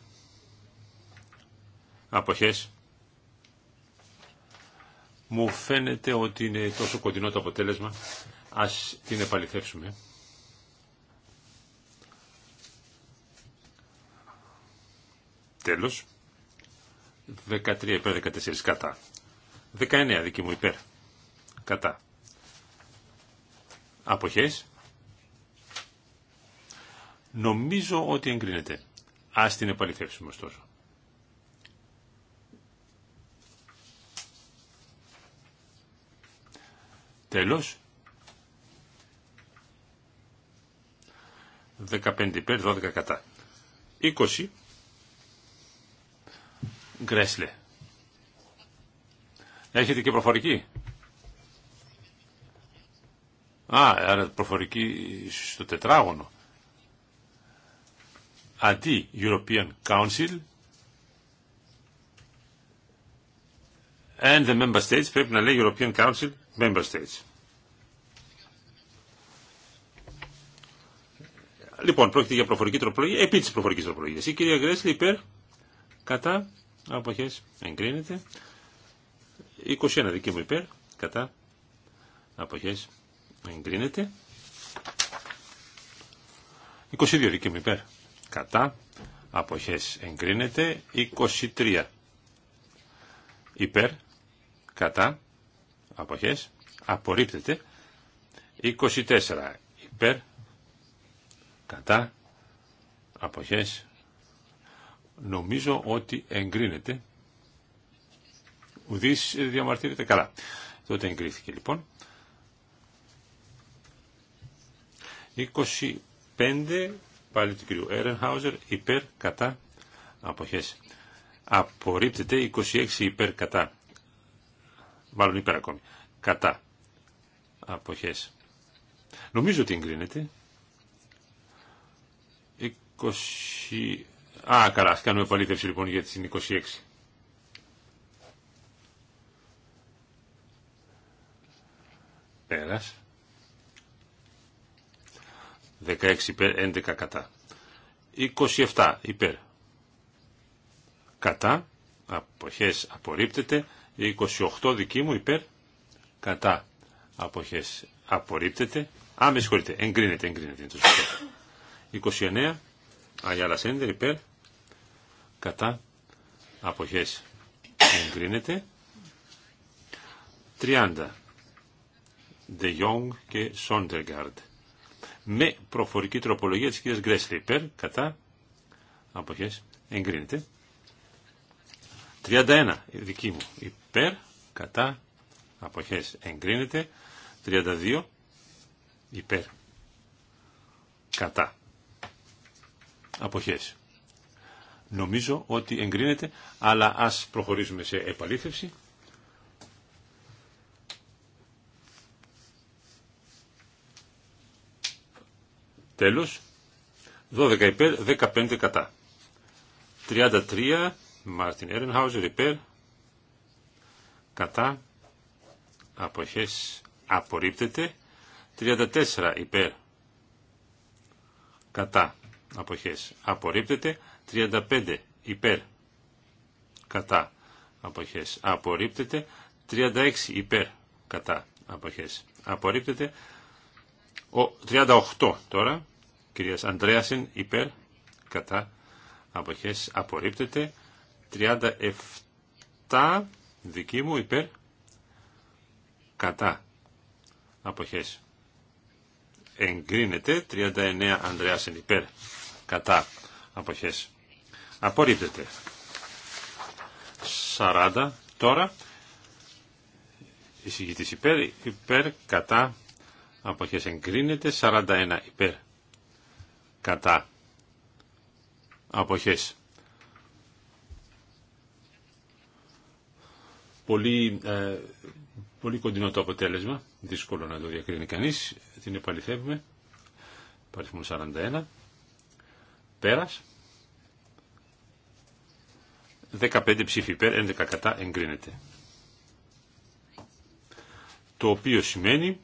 Αποχές. Μου φαίνεται ότι είναι τόσο κοντινό το αποτέλεσμα. Ας την επαληθεύσουμε. Τέλος. 13 υπέρ 14 κατά. 19 δική μου υπέρ. Κατά. Αποχές. Νομίζω ότι εγκρίνεται. Ας την επαληθεύσουμε ωστόσο. Τέλος. 15 υπέρ, 12 κατά. 20. Γκρέσλε. Έχετε και προφορική. Α, άρα προφορική στο τετράγωνο. Αντί European Council and the Member States πρέπει να λέει European Council Member States. Λοιπόν, πρόκειται για προφορική τροπολογία, επί της προφορικής τροπολογίας. Η κυρία Γκρέσλη υπέρ, κατά, αποχές, εγκρίνεται. 21 δική μου υπέρ, κατά, αποχές, εγκρίνεται. 22 δική μου υπέρ κατά αποχές εγκρίνεται. 23 υπέρ κατά αποχές απορρίπτεται. 24 υπέρ κατά αποχές νομίζω ότι εγκρίνεται ουδής διαμαρτύρεται καλά τότε εγκρίθηκε λοιπόν 25 πάλι του κυρίου Έρενχάουζερ υπέρ κατά αποχές. Απορρίπτεται 26 υπέρ κατά. Μάλλον υπέρ ακόμη. Κατά αποχές. Νομίζω ότι εγκρίνεται. 20... Α, καλά, ας κάνουμε επαλήθευση λοιπόν για την 26. Πέρας. 16 υπέρ, 11 κατά. 27 υπέρ. Κατά. Αποχές απορρίπτεται. 28 δική μου υπέρ. Κατά. Αποχές απορρίπτεται. Α, με συγχωρείτε. Εγκρίνεται, εγκρίνεται. Είναι το 29. Αγιάλα Σέντερ υπέρ. Κατά. Αποχές εγκρίνεται. 30. De Jong και Sondergaard με προφορική τροπολογία της κυρίας Γκρέσλε, Υπέρ, κατά, αποχές, εγκρίνεται. 31, δική μου, υπέρ, κατά, αποχές, εγκρίνεται. 32, υπέρ, κατά, αποχές. Νομίζω ότι εγκρίνεται, αλλά ας προχωρήσουμε σε επαλήθευση. Τέλος, 12 υπέρ, 15 κατά. 33, Μάρτιν Έρενχάουζερ υπέρ, κατά, αποχές απορρίπτεται. 34 υπέρ, κατά, αποχές απορρίπτεται. 35 υπέρ, κατά, αποχές απορρίπτεται. 36 υπέρ, κατά, αποχές απορρίπτεται. Ο, 38 τώρα, κυρίας Αντρέασεν υπέρ κατά αποχές απορρίπτεται 37 δική μου υπέρ κατά αποχές εγκρίνεται 39 Αντρέασεν υπέρ κατά αποχές απορρίπτεται 40 τώρα εισηγητής υπέρ υπέρ κατά αποχές εγκρίνεται 41 υπέρ κατά αποχές. Πολύ, ε, πολύ κοντινό το αποτέλεσμα, δύσκολο να το διακρίνει κανείς, την επαληθεύουμε, παριθμό 41, πέρας, 15 ψήφοι υπέρ, 11 κατά εγκρίνεται. Το οποίο σημαίνει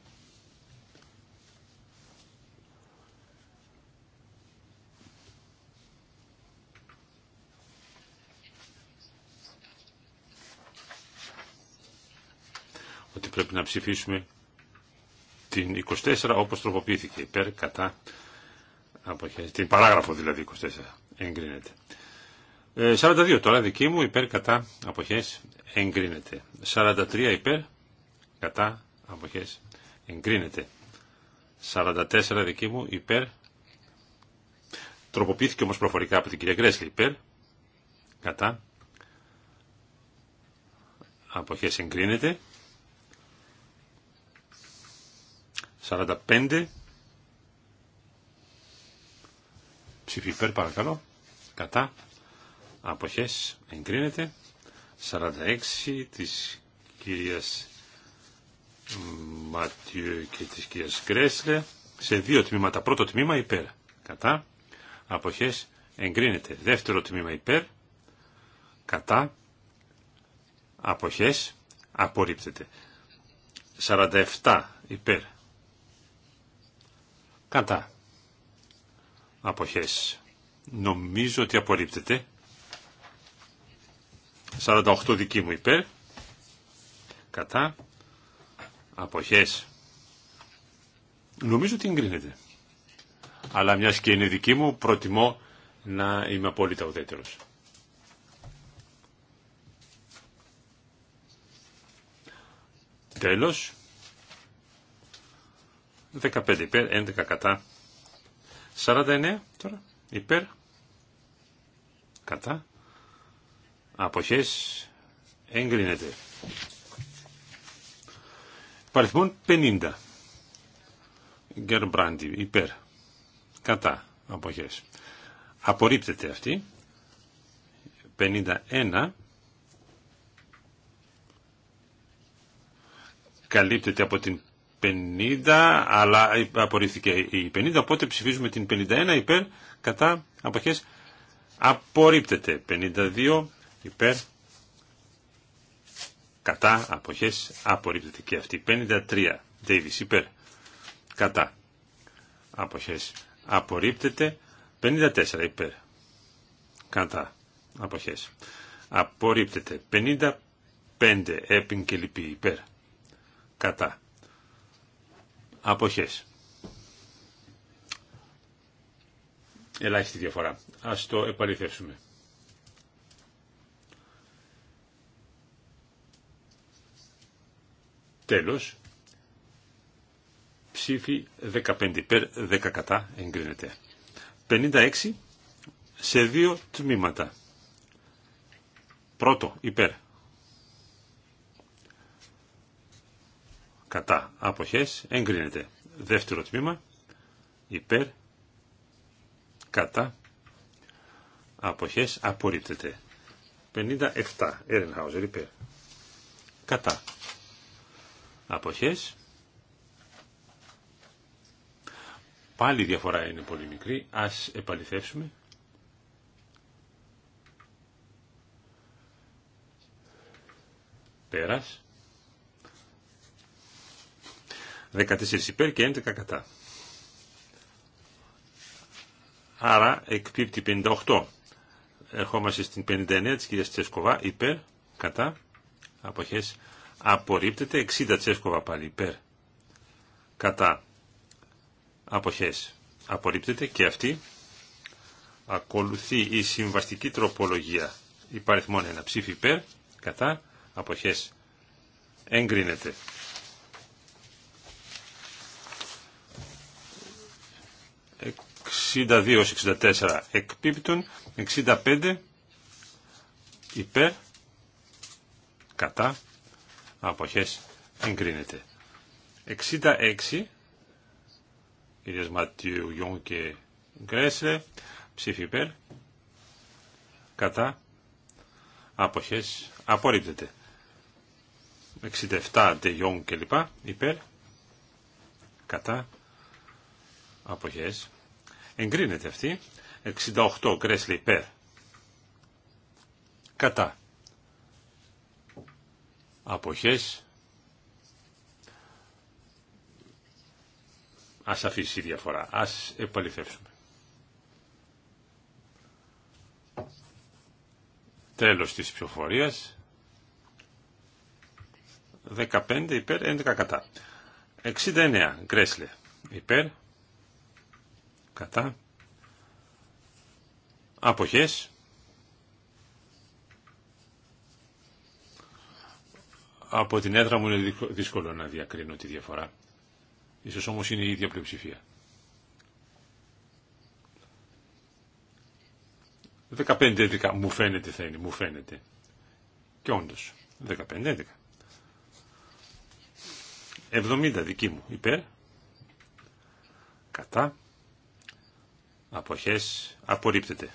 Πρέπει να ψηφίσουμε την 24 όπως τροποποιήθηκε. Υπέρ, κατά, αποχές. Την παράγραφο δηλαδή 24 εγκρίνεται. 42 ε, τώρα δική μου υπέρ κατά αποχές εγκρίνεται. 43 υπέρ κατά αποχές εγκρίνεται. 44 δική μου υπέρ τροποποιήθηκε όμως προφορικά από την κυρία Γκρέσλη υπέρ κατά αποχές εγκρίνεται. 45 ψήφι υπέρ παρακαλώ κατά αποχές εγκρίνεται 46 της κυρίας Ματιού και της κυρίας Κρέσλε σε δύο τμήματα πρώτο τμήμα υπέρ κατά αποχές εγκρίνεται δεύτερο τμήμα υπέρ κατά αποχές απορρίπτεται 47 υπέρ κατά αποχές. Νομίζω ότι απορρίπτεται. 48 δική μου υπέρ, κατά αποχές. Νομίζω ότι εγκρίνεται. Αλλά μιας και είναι δική μου, προτιμώ να είμαι απόλυτα ουδέτερος. Τέλος. 15 υπέρ, 11 κατά. 49 τώρα, υπέρ, κατά. Αποχές εγκρίνεται. Παριθμόν 50. Γκερμπράντι, υπέρ. Κατά. Αποχές. Απορρίπτεται αυτή. 51. Καλύπτεται από την 50, αλλά απορρίφθηκε η 50, οπότε ψηφίζουμε την 51 υπέρ, κατά, αποχές, απορρίπτεται. 52 υπέρ, κατά, αποχές, απορρίπτεται και αυτή. 53, Davis υπέρ, κατά, αποχές, απορρίπτεται. 54 υπέρ, κατά, αποχές, απορρίπτεται. 55, έπιν και λυπή υπέρ, κατά Αποχές. Ελάχιστη διαφορά. Ας το επαληθεύσουμε. Τέλος. Ψήφι 15 υπέρ 10 κατά εγκρίνεται. 56 σε δύο τμήματα. Πρώτο υπέρ κατά αποχές εγκρίνεται. Δεύτερο τμήμα υπέρ κατά αποχές απορρίπτεται. 57 Ερενχάουζερ υπέρ κατά αποχές Πάλι η διαφορά είναι πολύ μικρή. Ας επαληθεύσουμε. Πέρας. 14 υπέρ και 11 κατά. Άρα εκπίπτει 58. Ερχόμαστε στην 59 της κυρίας Τσέσκοβα υπέρ, κατά, αποχές. Απορρίπτεται 60 Τσέσκοβα πάλι υπέρ, κατά, αποχές. Απορρίπτεται και αυτή. Ακολουθεί η συμβαστική τροπολογία. Υπάρχει μόνο ένα ψήφι υπέρ, κατά, αποχές. Εγκρίνεται. 62-64 εκπίπτουν, 65 υπέρ, κατά, αποχές εγκρίνεται. 66, κυρίες Ματιού, Γιόν και Γκρέσλε, ψήφι υπέρ, κατά, αποχές απορρίπτεται. 67 Ντε Γιόν κλπ. υπέρ, κατά, αποχές εγκρίνεται αυτή 68 γκρέσλι υπέρ κατά αποχές ας αφήσει η διαφορά ας επαληθεύσουμε τέλος της ψηφοφορίας 15 υπέρ 11 κατά 69 γκρέσλε υπέρ κατά αποχές από την έδρα μου είναι δύσκολο να διακρίνω τη διαφορά ίσως όμως είναι η ίδια πλειοψηφία 15-11 μου φαίνεται θα είναι μου φαίνεται και όντως 15-11 70 δική μου υπέρ κατά αποχές απορρίπτεται.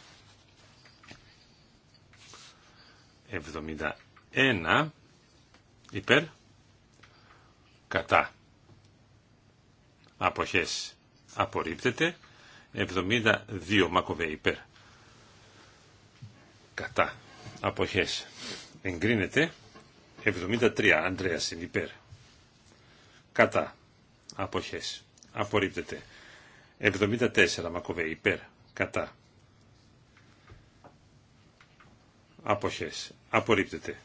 71 υπέρ κατά αποχές απορρίπτεται. 72 μακοβέ υπέρ κατά αποχές εγκρίνεται. 73 Ανδρέας είναι υπέρ κατά αποχές απορρίπτεται. 74 Μακοβέ υπέρ κατά αποχές απορρίπτεται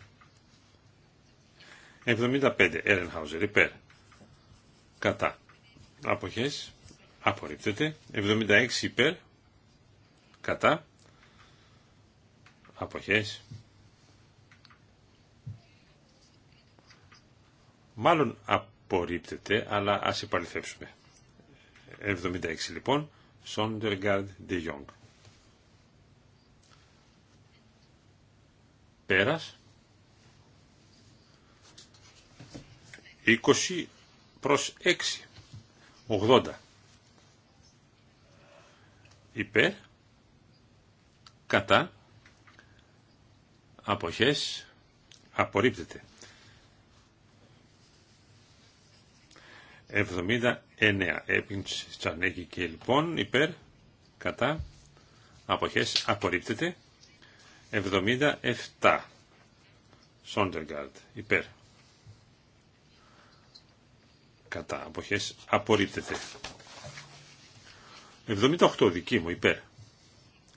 75 Ερενχάουζερ υπέρ κατά αποχές απορρίπτεται 76 υπέρ κατά αποχές μάλλον απορρίπτεται αλλά ας υπαλληθεύσουμε 76 λοιπόν, Sondergaard de Jong. Πέρας. 20 προς 6. 80. Υπέρ. Κατά. Αποχές. Απορρίπτεται. 79. Έπινς, Τσανέκη και λοιπόν υπέρ, κατά, αποχές, απορρίπτεται. 77. Σόντεργαρτ, υπέρ. Κατά, αποχές, απορρίπτεται. 78 δική μου, υπέρ.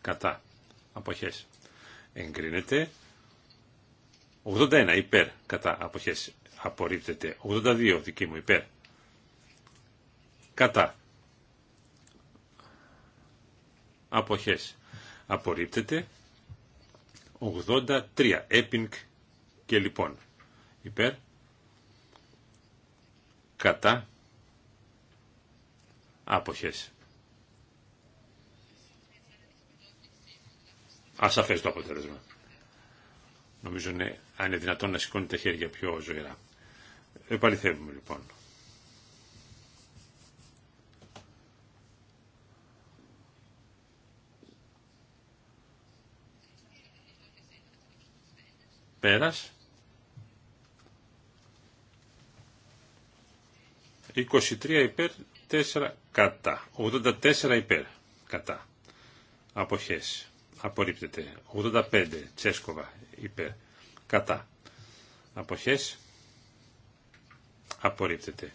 Κατά, αποχές. Εγκρίνεται. 81 υπέρ, κατά, αποχές. Απορρίπτεται. 82 δική μου, υπέρ κατά αποχές απορρίπτεται 83 έπινκ και λοιπόν υπέρ κατά άποχες ασαφές το αποτέλεσμα νομίζω αν είναι δυνατόν να σηκώνει τα χέρια πιο ζωηρά επαληθεύουμε λοιπόν Πέρας. 23 υπέρ, 4 κατά. 84 υπέρ, κατά. Αποχές. Απορρίπτεται. 85 Τσέσκοβα υπέρ, κατά. Αποχές. Απορρίπτεται.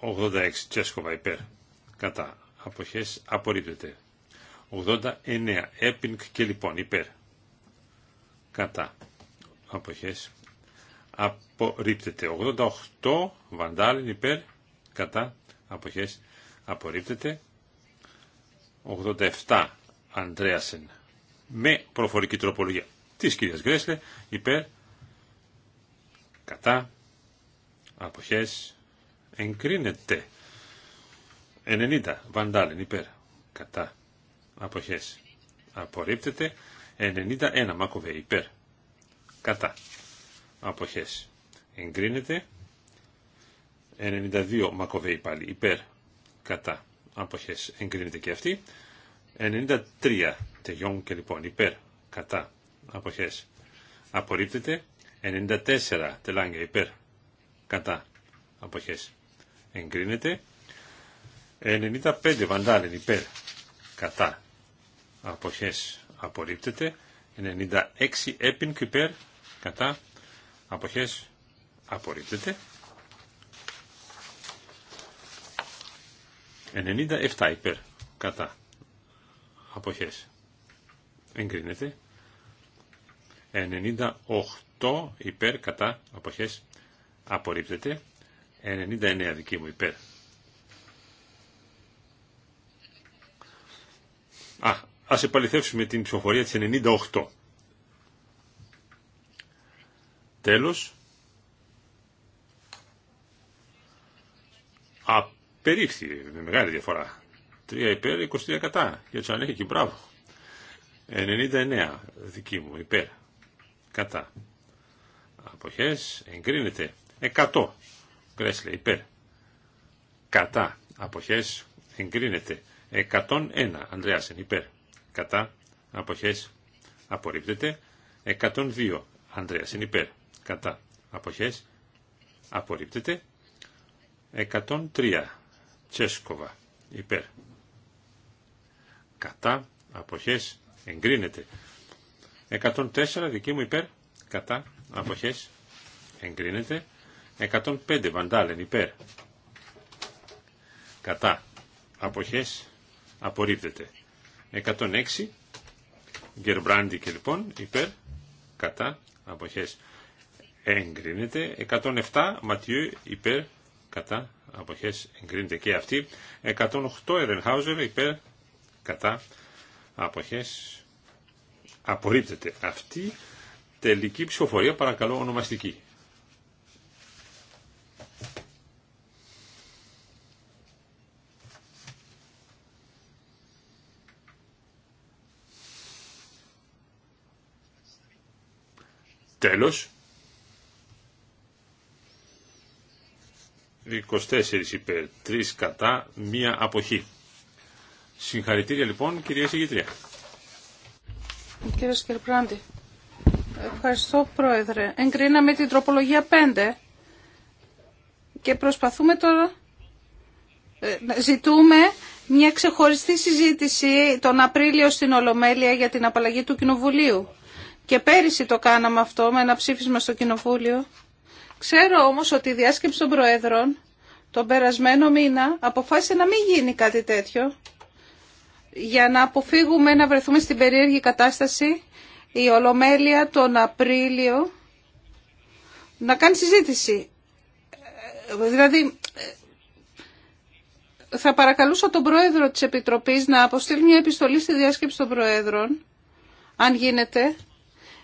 86 Τσέσκοβα υπέρ, κατά. Αποχές. Απορρίπτεται. 89 Έπινγκ και λοιπόν υπέρ, κατά αποχές απορρίπτεται 88 βαντάλιν υπέρ κατά αποχές απορρίπτεται 87 Αντρέασεν με προφορική τροπολογία της κυρίας Γκρέσλε υπέρ κατά αποχές εγκρίνεται 90 Βαντάλεν υπέρ κατά αποχές απορρίπτεται 91 Μακοβέ υπέρ. Κατά. Αποχές. Εγκρίνεται. 92 Μακοβέ πάλι υπέρ. Κατά. Αποχές. Εγκρίνεται και αυτή. 93 Τεγιόν και λοιπόν υπέρ. Κατά. Αποχές. Απορρίπτεται. 94 Τελάνγκια υπέρ. Κατά. Αποχές. Εγκρίνεται. 95 Βαντάλεν υπέρ. Κατά αποχές απορρίπτεται 96 έπιν και υπέρ κατά αποχές απορρίπτεται 97 υπέρ κατά αποχές εγκρίνεται 98 υπέρ κατά αποχές απορρίπτεται 99 δική μου υπέρ Α, Ας επαληθεύσουμε την ψηφοφορία της 98. Τέλος. Απερίφθη με μεγάλη διαφορά. 3 υπέρ, 23 κατά. Για και μπράβο. 99 δική μου υπέρ. Κατά. Αποχές εγκρίνεται. 100. Κρέσλε υπέρ. Κατά. Αποχές εγκρίνεται. 101. Ανδρέασεν υπέρ κατά αποχές απορρίπτεται 102 Ανδρέας είναι υπέρ κατά αποχές απορρίπτεται 103 Τσέσκοβα υπέρ κατά αποχές εγκρίνεται 104 δική μου υπέρ κατά αποχές εγκρίνεται 105 Βαντάλεν υπέρ κατά αποχές απορρίπτεται 106 Γκερμπράντι και λοιπόν υπέρ κατά αποχές εγκρίνεται 107 Ματιού υπέρ κατά αποχές εγκρίνεται και αυτή 108 Ερενχάουζερ υπέρ κατά αποχές απορρίπτεται αυτή τελική ψηφοφορία παρακαλώ ονομαστική Τέλος. 24 υπέρ, 3 κατά, μία αποχή. Συγχαρητήρια λοιπόν κυρία Συγητρία. Κύριε Σκερπράντη, ευχαριστώ Πρόεδρε. Εγκρίναμε την τροπολογία 5 και προσπαθούμε τώρα, ε, ζητούμε μια ξεχωριστή συζήτηση τον Απρίλιο στην Ολομέλεια για την απαλλαγή του Κοινοβουλίου. Και πέρυσι το κάναμε αυτό με ένα ψήφισμα στο Κοινοβούλιο. Ξέρω όμως ότι η διάσκεψη των Προέδρων τον περασμένο μήνα αποφάσισε να μην γίνει κάτι τέτοιο για να αποφύγουμε να βρεθούμε στην περίεργη κατάσταση η Ολομέλεια τον Απρίλιο να κάνει συζήτηση. Δηλαδή, θα παρακαλούσα τον Πρόεδρο της Επιτροπής να αποστείλει μια επιστολή στη διάσκεψη των Προέδρων, αν γίνεται,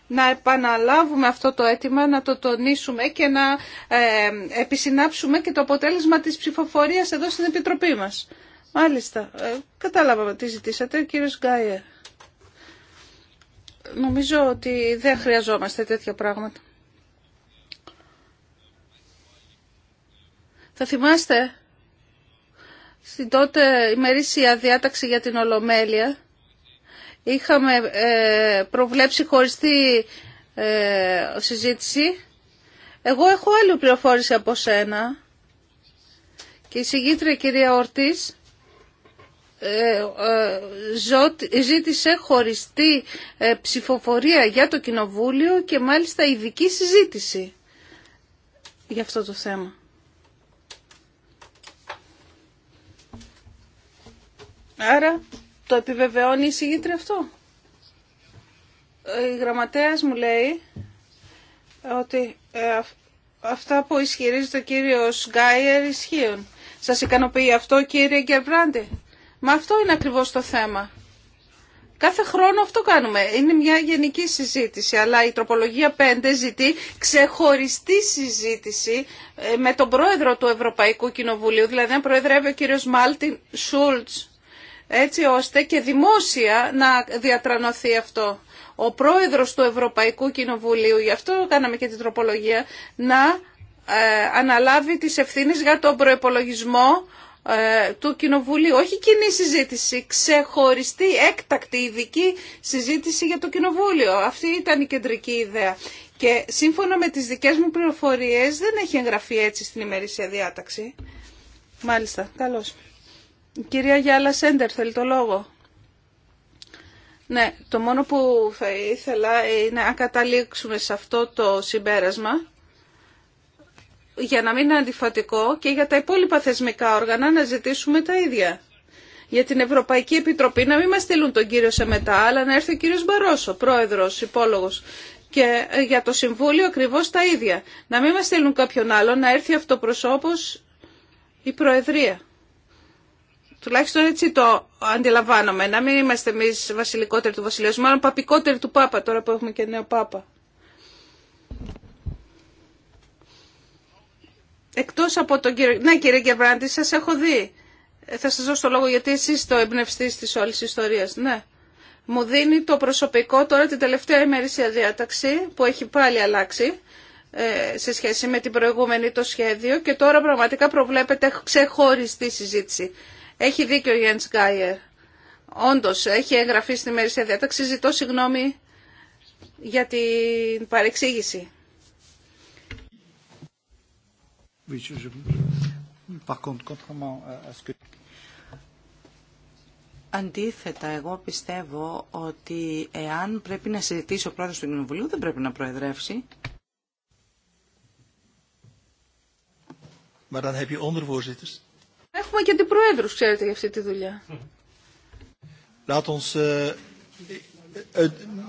να επαναλάβουμε αυτό το αίτημα, να το τονίσουμε και να ε, επισυνάψουμε και το αποτέλεσμα της ψηφοφορίας εδώ στην Επιτροπή μας. Μάλιστα. Ε, κατάλαβα τι ζητήσατε, κύριος Γκάιερ. Νομίζω ότι δεν χρειαζόμαστε τέτοια πράγματα. Θα θυμάστε στην τότε ημερήσια διάταξη για την Ολομέλεια Είχαμε ε, προβλέψει χωριστή ε, συζήτηση. Εγώ έχω άλλη πληροφόρηση από σένα. Και η συγγήτρια κυρία Ορτής ε, ζήτησε χωριστή ψηφοφορία για το Κοινοβούλιο και μάλιστα ειδική συζήτηση για αυτό το θέμα. Άρα το επιβεβαιώνει η συγγήτρη αυτό. Ε, η γραμματέας μου λέει ότι ε, αυτά που ισχυρίζεται ο κύριος Γκάιερ ισχύουν. Σας ικανοποιεί αυτό κύριε Γκεμπράντη. Μα αυτό είναι ακριβώς το θέμα. Κάθε χρόνο αυτό κάνουμε. Είναι μια γενική συζήτηση, αλλά η τροπολογία 5 ζητεί ξεχωριστή συζήτηση ε, με τον πρόεδρο του Ευρωπαϊκού Κοινοβουλίου, δηλαδή αν προεδρεύει ο κύριος Μάλτιν Σούλτς έτσι ώστε και δημόσια να διατρανωθεί αυτό. Ο πρόεδρος του Ευρωπαϊκού Κοινοβουλίου, γι' αυτό κάναμε και την τροπολογία, να ε, αναλάβει τις ευθύνες για τον προεπολογισμό ε, του Κοινοβουλίου. Όχι κοινή συζήτηση, ξεχωριστή, έκτακτη, ειδική συζήτηση για το Κοινοβούλιο. Αυτή ήταν η κεντρική ιδέα. Και σύμφωνα με τις δικές μου πληροφορίες δεν έχει εγγραφεί έτσι στην ημερήσια διάταξη. Μάλιστα, καλώς. Η κυρία Γιάλα Σέντερ θέλει το λόγο. Ναι, το μόνο που θα ήθελα είναι να καταλήξουμε σε αυτό το συμπέρασμα για να μην είναι αντιφατικό και για τα υπόλοιπα θεσμικά όργανα να ζητήσουμε τα ίδια. Για την Ευρωπαϊκή Επιτροπή να μην μας στείλουν τον κύριο σε μετά, αλλά να έρθει ο κύριος Μπαρόσο, πρόεδρος, υπόλογος. Και ε, για το Συμβούλιο ακριβώς τα ίδια. Να μην μας στείλουν κάποιον άλλο, να έρθει αυτοπροσώπως η Προεδρία. Τουλάχιστον έτσι το αντιλαμβάνομαι. Να μην είμαστε εμεί βασιλικότεροι του βασιλείου, μάλλον παπικότεροι του Πάπα, τώρα που έχουμε και νέο Πάπα. Εκτό από τον κύριο... Ναι κύριε Γεβράντη, σα έχω δει. Ε, θα σα δώσω το λόγο γιατί εσεί το εμπνευστή της όλης ιστορία. Ναι. Μου δίνει το προσωπικό τώρα την τελευταία ημερήσια διάταξη που έχει πάλι αλλάξει ε, σε σχέση με την προηγούμενη το σχέδιο και τώρα πραγματικά προβλέπεται ξεχωριστή συζήτηση. Έχει δίκιο ο Γιάννης Γκάιερ. Όντως, έχει εγγραφεί στη ημερήσια διάταξη. Ζητώ συγγνώμη για την παρεξήγηση. Αντίθετα, εγώ πιστεύω ότι εάν πρέπει να συζητήσει ο πρόεδρος του Κοινοβουλίου, δεν πρέπει να προεδρεύσει. Maar dan heb je ondervoorzitters. Έχουμε και την Προέδρου, ξέρετε, για αυτή τη δουλειά. Eh,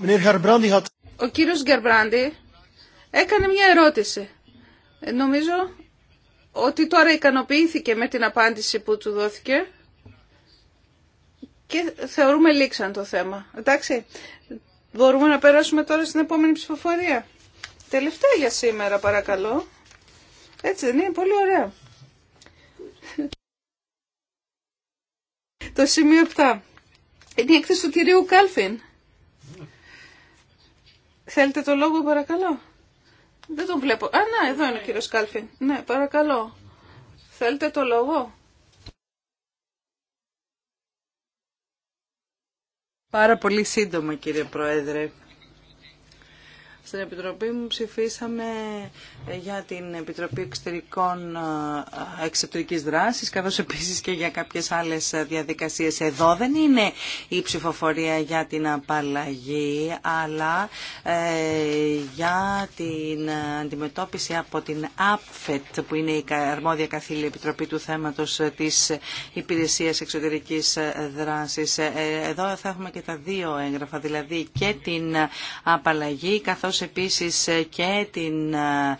eh, Ο κύριος Γκερμπράντι έκανε μια ερώτηση. Ε, νομίζω ότι τώρα ικανοποιήθηκε με την απάντηση που του δόθηκε και θεωρούμε λήξαν το θέμα. Εντάξει, μπορούμε να περάσουμε τώρα στην επόμενη ψηφοφορία. Τελευταία για σήμερα παρακαλώ. Έτσι δεν είναι, πολύ ωραία. Το σημείο 7. Είναι η έκθεση του κυρίου Κάλφιν. Θέλετε το λόγο παρακαλώ. Δεν τον βλέπω. Α, να, εδώ είναι ο κύριος Κάλφιν. Ναι, παρακαλώ. Θέλετε το λόγο. Πάρα πολύ σύντομα κύριε Πρόεδρε. Στην Επιτροπή μου ψηφίσαμε ε, για την Επιτροπή Εξωτερικών ε, Εξωτερικής Δράσης, καθώς επίσης και για κάποιες άλλες ε, διαδικασίες. Εδώ δεν είναι η ψηφοφορία για την απαλλαγή, αλλά για την αντιμετώπιση από την ΑΠΦΕΤ, που είναι η αρμόδια καθήλια Επιτροπή του θέματος της Υπηρεσίας Εξωτερικής Δράσης. Εδώ θα έχουμε και τα δύο έγγραφα, δηλαδή και την απαλλαγή, καθώς επίσης και την, ε,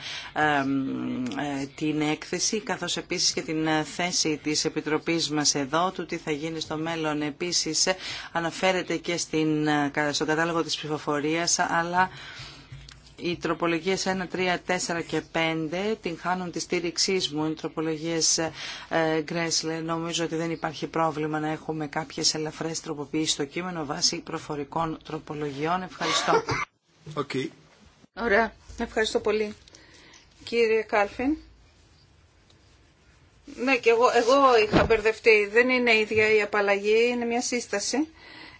την έκθεση, καθώς επίσης και την θέση της Επιτροπής μας εδώ, του τι θα γίνει στο μέλλον. Επίσης αναφέρεται και στην, στον κατάλογο της ψηφοφορίας, αλλά... Οι τροπολογίες 1, 3, 4 και 5 την χάνουν τη στήριξή μου. Οι τροπολογίες ε, Γκρέσλε νομίζω ότι δεν υπάρχει πρόβλημα να έχουμε κάποιες ελαφρές τροποποιήσεις στο κείμενο βάσει προφορικών τροπολογιών. Ευχαριστώ. Okay. Ωραία. Ευχαριστώ πολύ. Κύριε Κάλφιν. Ναι, και εγώ, εγώ είχα μπερδευτεί. Δεν είναι η ίδια η απαλλαγή, είναι μια σύσταση.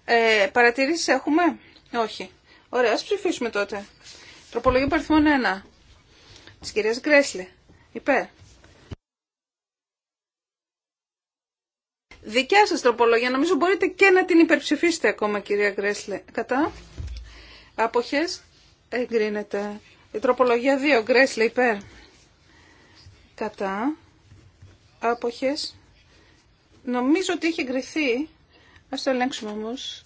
Ε, παρατηρήσεις έχουμε? Όχι. Ωραία, ας ψηφίσουμε τότε. Τροπολογία παριθμών 1. Της κυρίας Γκρέσλε. Υπέρ. Δικιά σας τροπολογία. Νομίζω μπορείτε και να την υπερψηφίσετε ακόμα, κυρία Γκρέσλε. Κατά. Αποχές εγκρίνεται. Η τροπολογία 2, Γκρέσλε υπέρ. Κατά. Άποχες. Νομίζω ότι έχει εγκριθεί. Ας το ελέγξουμε όμως.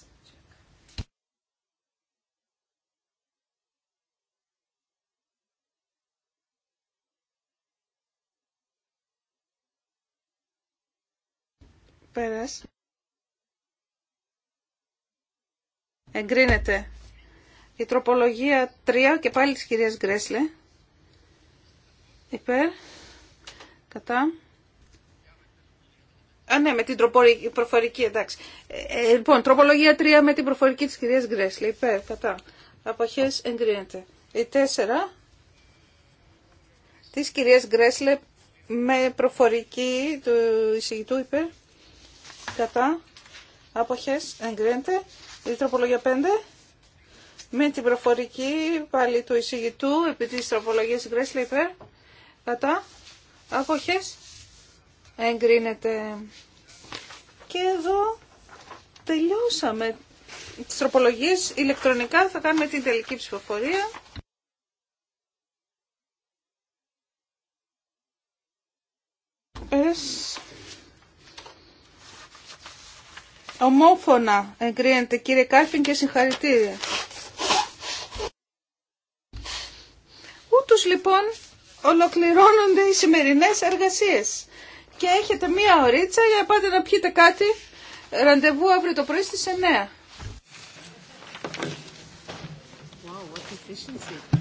Πέρας. Εγκρίνεται. Η τροπολογία 3 και πάλι της κυρίας Γκρέσλε. Υπέρ. Κατά. Α, ναι, με την προφορική, εντάξει. Ε, ε λοιπόν, τροπολογία 3 με την προφορική της κυρίας Γκρέσλε. Υπέρ. Κατά. Αποχές εγκρίνεται. Η 4 της κυρίας Γκρέσλε με προφορική του εισηγητού υπέρ. Κατά. Αποχές εγκρίνεται. Η τροπολογία 5 με την προφορική πάλι του εισηγητού επί της τροπολογίας Γκρέσλε υπέρ κατά αποχές εγκρίνεται και εδώ τελειώσαμε τις τροπολογίες ηλεκτρονικά θα κάνουμε την τελική ψηφοφορία Εσ... Ομόφωνα εγκρίνεται κύριε Κάρφιν και συγχαρητήρια. λοιπόν ολοκληρώνονται οι σημερινές εργασίες. Και έχετε μία ωρίτσα για πάτε να πιείτε κάτι. Ραντεβού αύριο το πρωί στις 9. Wow, what efficiency.